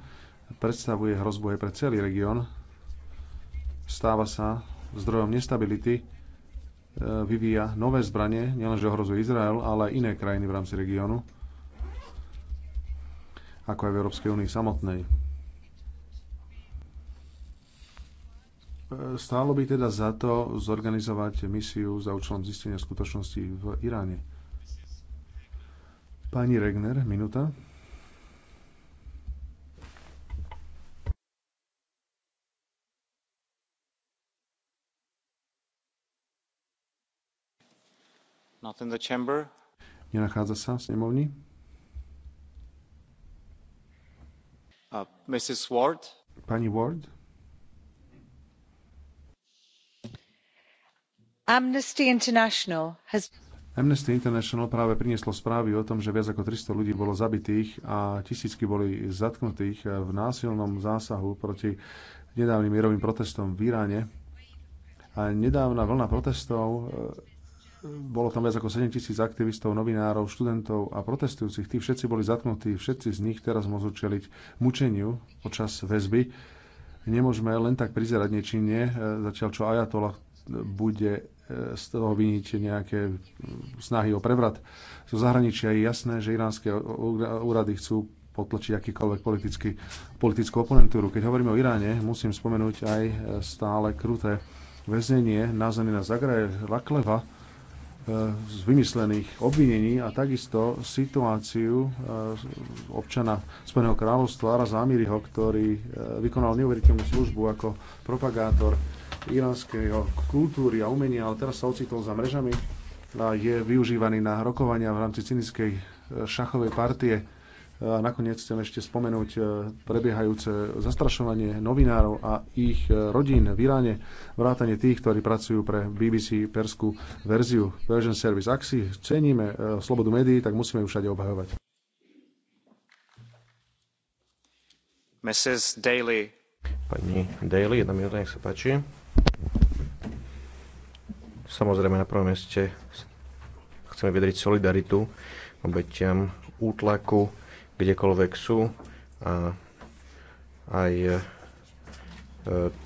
predstavuje hrozbu aj pre celý región, stáva sa zdrojom nestability, e, vyvíja nové zbranie, nielenže ohrozuje Izrael, ale aj iné krajiny v rámci regiónu, ako aj v Európskej únii samotnej. Stálo by teda za to zorganizovať misiu za účelom zistenia skutočnosti v Iráne. Pani Regner, minúta. Not in the chamber. Nenachádza sa v snemovni. Uh, Mrs. Ward. Pani Ward. Amnesty International práve prinieslo správy o tom, že viac ako 300 ľudí bolo zabitých a tisícky boli zatknutých v násilnom zásahu proti nedávnym mierovým protestom v Iráne. A nedávna vlna protestov, e, bolo tam viac ako 7 tisíc aktivistov, novinárov, študentov a protestujúcich. Tí všetci boli zatknutí, všetci z nich teraz môžu čeliť mučeniu počas väzby. Nemôžeme len tak prizerať niečinne, e, zatiaľ čo Ajatola bude z toho vyniť nejaké snahy o prevrat. Zo zahraničia je jasné, že iránske úrady chcú potlačiť akýkoľvek politický, politickú oponentúru. Keď hovoríme o Iráne, musím spomenúť aj stále kruté väznenie na Zagraje Lakleva e, z vymyslených obvinení a takisto situáciu e, občana Spojeného kráľovstva Araza Amiriho, ktorý e, vykonal neuveriteľnú službu ako propagátor iránskej kultúry a umenia, ale teraz sa ocitol za mrežami a je využívaný na rokovania v rámci cynickej e, šachovej partie. E, a nakoniec chcem ešte spomenúť e, prebiehajúce zastrašovanie novinárov a ich rodín v Iráne, vrátanie tých, ktorí pracujú pre BBC perskú verziu Persian Service. Ak si ceníme slobodu médií, tak musíme ju všade obhajovať. Mrs. Daly. Pani Daly, jedna minúta, nech sa páči. Samozrejme, na prvom mieste chceme vyjadriť solidaritu obeťam útlaku, kdekoľvek sú a aj e,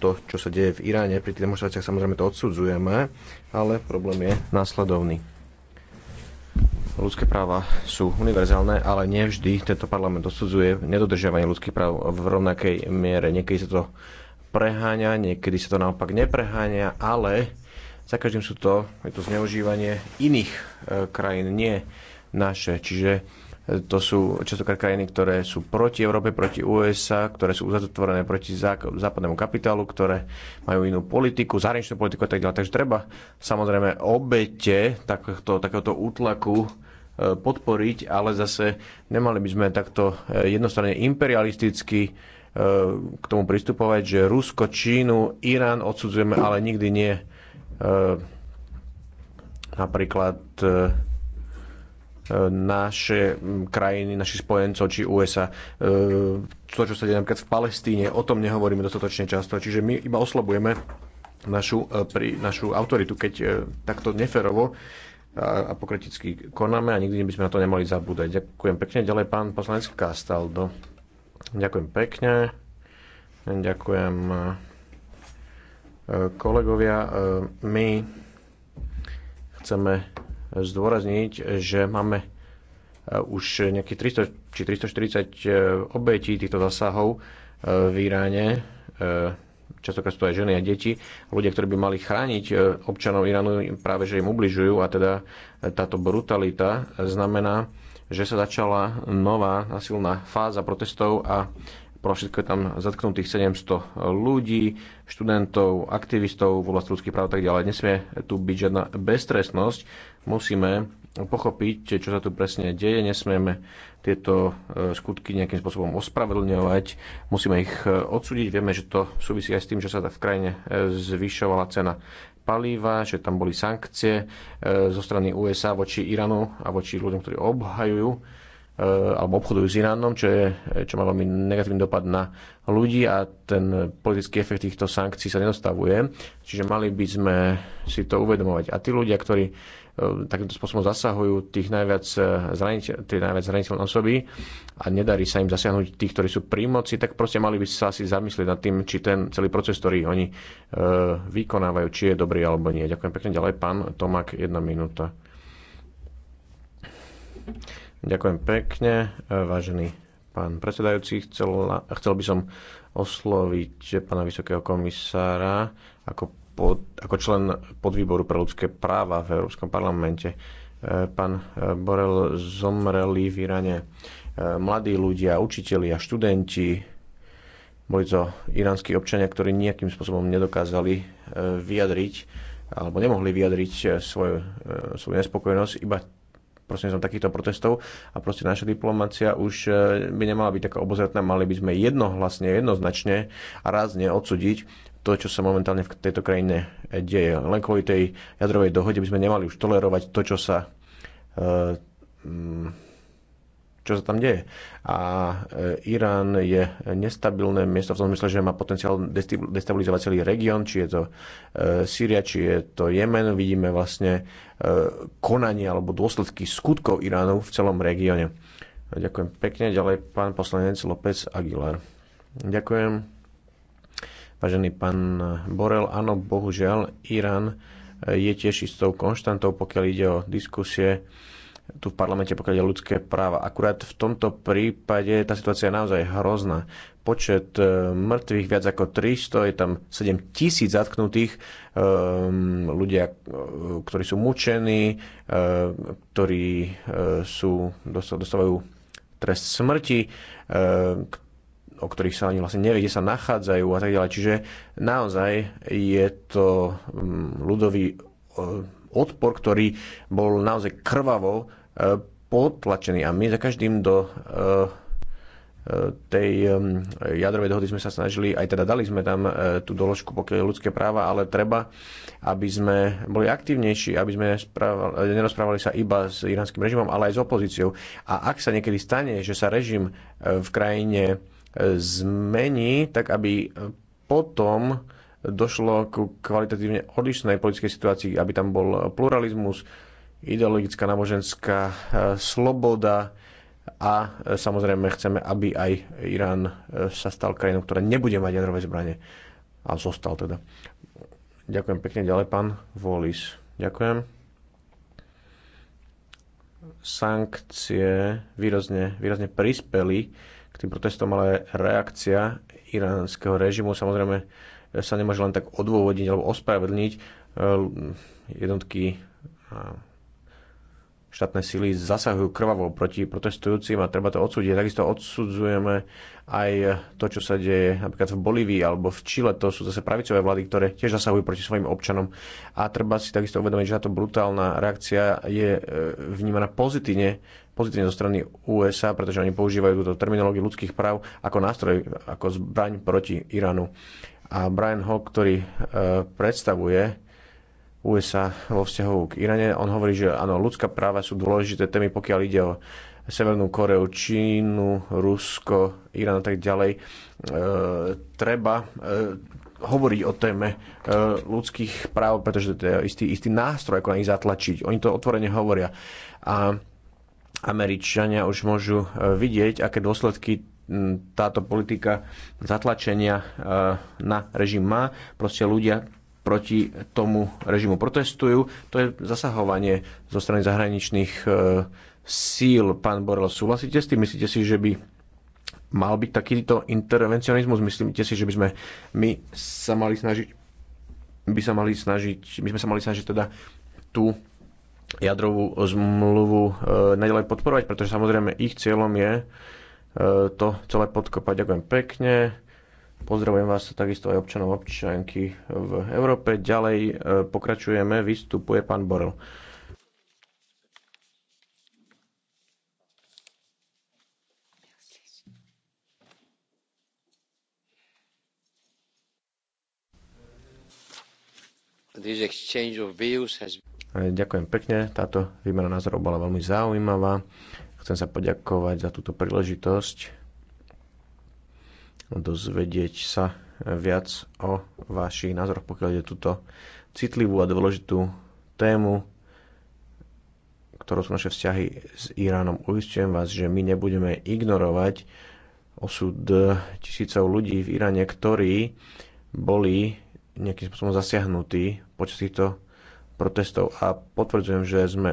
to, čo sa deje v Iráne. Pri tých demonstráciách samozrejme to odsudzujeme, ale problém je následovný. Ľudské práva sú univerzálne, ale nevždy tento parlament odsudzuje nedodržiavanie ľudských práv v rovnakej miere. Niekedy sa to preháňa, niekedy sa to naopak nepreháňa, ale za každým sú to, je to zneužívanie iných e, krajín, nie naše. Čiže e, to sú častokrát krajiny, ktoré sú proti Európe, proti USA, ktoré sú uzatvorené proti západnému kapitálu, ktoré majú inú politiku, zahraničnú politiku a tak ďalej. Takže treba samozrejme obete takto, takéhoto útlaku e, podporiť, ale zase nemali by sme takto jednostranne imperialisticky k tomu pristupovať, že Rusko, Čínu, Irán odsudzujeme, ale nikdy nie Eh, napríklad eh, naše krajiny, našich spojencov, či USA, eh, to, čo sa deje napríklad v Palestíne, o tom nehovoríme dostatočne často. Čiže my iba oslabujeme našu, pri, našu autoritu, keď takto neferovo a pokriticky konáme a nikdy by sme na to nemali zabúdať. Ďakujem pekne. Ďalej pán poslanec Kastaldo. Ďakujem pekne. Ďakujem Kolegovia, e, my chceme zdôrazniť, že máme e, už nejakých 300 či 340 e, obetí týchto zásahov v Iráne. Častokrát sú to aj ženy a deti. Ľudia, ktorí by mali chrániť občanov Iránu, práve že im ubližujú a teda táto brutalita znamená, že sa začala nová násilná fáza protestov a Pro všetko je tam zatknutých 700 ľudí, študentov, aktivistov v oblasti ľudských práv a tak ďalej. Nesmie tu byť žiadna beztrestnosť. Musíme pochopiť, čo sa tu presne deje. Nesmieme tieto e, skutky nejakým spôsobom ospravedlňovať. Musíme ich e, odsúdiť. Vieme, že to súvisí aj s tým, že sa v krajine e, zvyšovala cena palíva, že tam boli sankcie zo strany USA voči Iranu a voči ľuďom, ktorí obhajujú Eh, alebo obchodujú s Iránom, čo, je, čo má veľmi negatívny dopad na ľudí a ten politický efekt týchto sankcií sa nedostavuje. Čiže mali by sme si to uvedomovať. A tí ľudia, ktorí eh, takýmto spôsobom zasahujú tých najviac, eh, zraniteľ, najviac zraniteľné osoby a nedarí sa im zasiahnuť tých, ktorí sú pri moci, tak proste mali by sa asi zamyslieť nad tým, či ten celý proces, ktorý oni e, vykonávajú, či je dobrý alebo nie. Ďakujem pekne. Ďalej pán Tomak, jedna minúta. Ďakujem pekne, e, vážený pán predsedajúci. Chcel, chcel by som osloviť pána vysokého komisára ako, pod, ako člen podvýboru pre ľudské práva v Európskom parlamente. E, pán e, Borel zomreli v Iráne mladí ľudia, učitelia, študenti, boli to iránsky občania, ktorí nejakým spôsobom nedokázali vyjadriť alebo nemohli vyjadriť svoju, svoju nespokojnosť iba prostredníctvom takýchto protestov a proste naša diplomácia už e, by nemala byť taká obozretná, mali by sme jednohlasne, jednoznačne a rázne odsudiť to, čo sa momentálne v tejto krajine e, deje. Len kvôli tej jadrovej dohode by sme nemali už tolerovať to, čo sa e, čo sa tam deje. A e, Irán je nestabilné miesto v tom zmysle, že má potenciál destabilizovať celý región, či je to e, Sýria, či je to Jemen. Vidíme vlastne e, konanie alebo dôsledky skutkov Iránu v celom regióne. Ďakujem pekne. Ďalej pán poslanec López Aguilar. Ďakujem. Vážený pán Borel, áno, bohužiaľ, Irán je tiež istou konštantou, pokiaľ ide o diskusie tu v parlamente, pokiaľ je ľudské práva. Akurát v tomto prípade tá situácia je naozaj hrozná. Počet e, mŕtvych viac ako 300, je tam 7 tisíc zatknutých, ehm, ľudia, e, ktorí sú mučení, e, ktorí sú, dostávajú trest smrti, e, o ktorých sa ani vlastne nevie, kde sa nachádzajú a tak ďalej. Čiže naozaj je to mm, ľudový odpor, ktorý bol naozaj krvavo e, potlačený. A my za každým do e, e, tej jadrovej dohody sme sa snažili, aj teda dali sme tam tú doložku, pokiaľ je ľudské práva, ale treba, aby sme boli aktívnejší, aby sme správali, nerozprávali sa iba s iránskym režimom, ale aj s opozíciou. A ak sa niekedy stane, že sa režim v krajine zmení, tak aby potom došlo ku kvalitatívne odlišnej politickej situácii, aby tam bol pluralizmus, ideologická náboženská e, sloboda a e, samozrejme chceme, aby aj Irán e, sa stal krajinou, ktorá nebude mať jadrové zbranie. A zostal teda. Ďakujem pekne ďalej, pán Volis. Ďakujem. Sankcie výrazne, výrazne prispeli k tým protestom, ale reakcia iránskeho režimu samozrejme sa nemôže len tak odôvodniť alebo ospravedlniť e, jednotky štátne sily zasahujú krvavo proti protestujúcim a treba to odsúdiť. Takisto odsudzujeme aj to, čo sa deje napríklad v Bolívii alebo v Čile. To sú zase pravicové vlády, ktoré tiež zasahujú proti svojim občanom. A treba si takisto uvedomiť, že táto brutálna reakcia je e, vnímaná pozitívne, pozitívne zo strany USA, pretože oni používajú túto terminológiu ľudských práv ako nástroj, ako zbraň proti Iránu a Brian Hawk, ktorý e, predstavuje USA vo vzťahu k Iráne, on hovorí, že áno, ľudská práva sú dôležité témy, pokiaľ ide o Severnú Koreu, Čínu, Rusko, Irán a tak ďalej. E, treba e, hovoriť o téme e, ľudských práv, pretože to je istý, istý nástroj, ako na nich zatlačiť. Oni to otvorene hovoria. A Američania už môžu e, vidieť, aké dôsledky táto politika zatlačenia e, na režim má. Proste ľudia proti tomu režimu protestujú. To je zasahovanie zo strany zahraničných e, síl. Pán Borel, súhlasíte s tým? Myslíte si, že by mal byť takýto intervencionizmus? Myslíte si, že by sme my sa mali snažiť by sa mali snažiť, my sme sa mali snažiť teda tú jadrovú zmluvu e, nadalej podporovať, pretože samozrejme ich cieľom je E, to celé podkopať. Ďakujem pekne. Pozdravujem vás takisto aj občanov občianky v Európe. Ďalej e, pokračujeme. Vystupuje pán Borel. E, ďakujem pekne. Táto výmena názorov bola veľmi zaujímavá. Chcem sa poďakovať za túto príležitosť dozvedieť sa viac o vašich názoroch, pokiaľ ide túto citlivú a dôležitú tému, ktorou sú naše vzťahy s Iránom. Uistujem vás, že my nebudeme ignorovať osud tisícov ľudí v Iráne, ktorí boli nejakým spôsobom zasiahnutí počas týchto protestov a potvrdzujem, že sme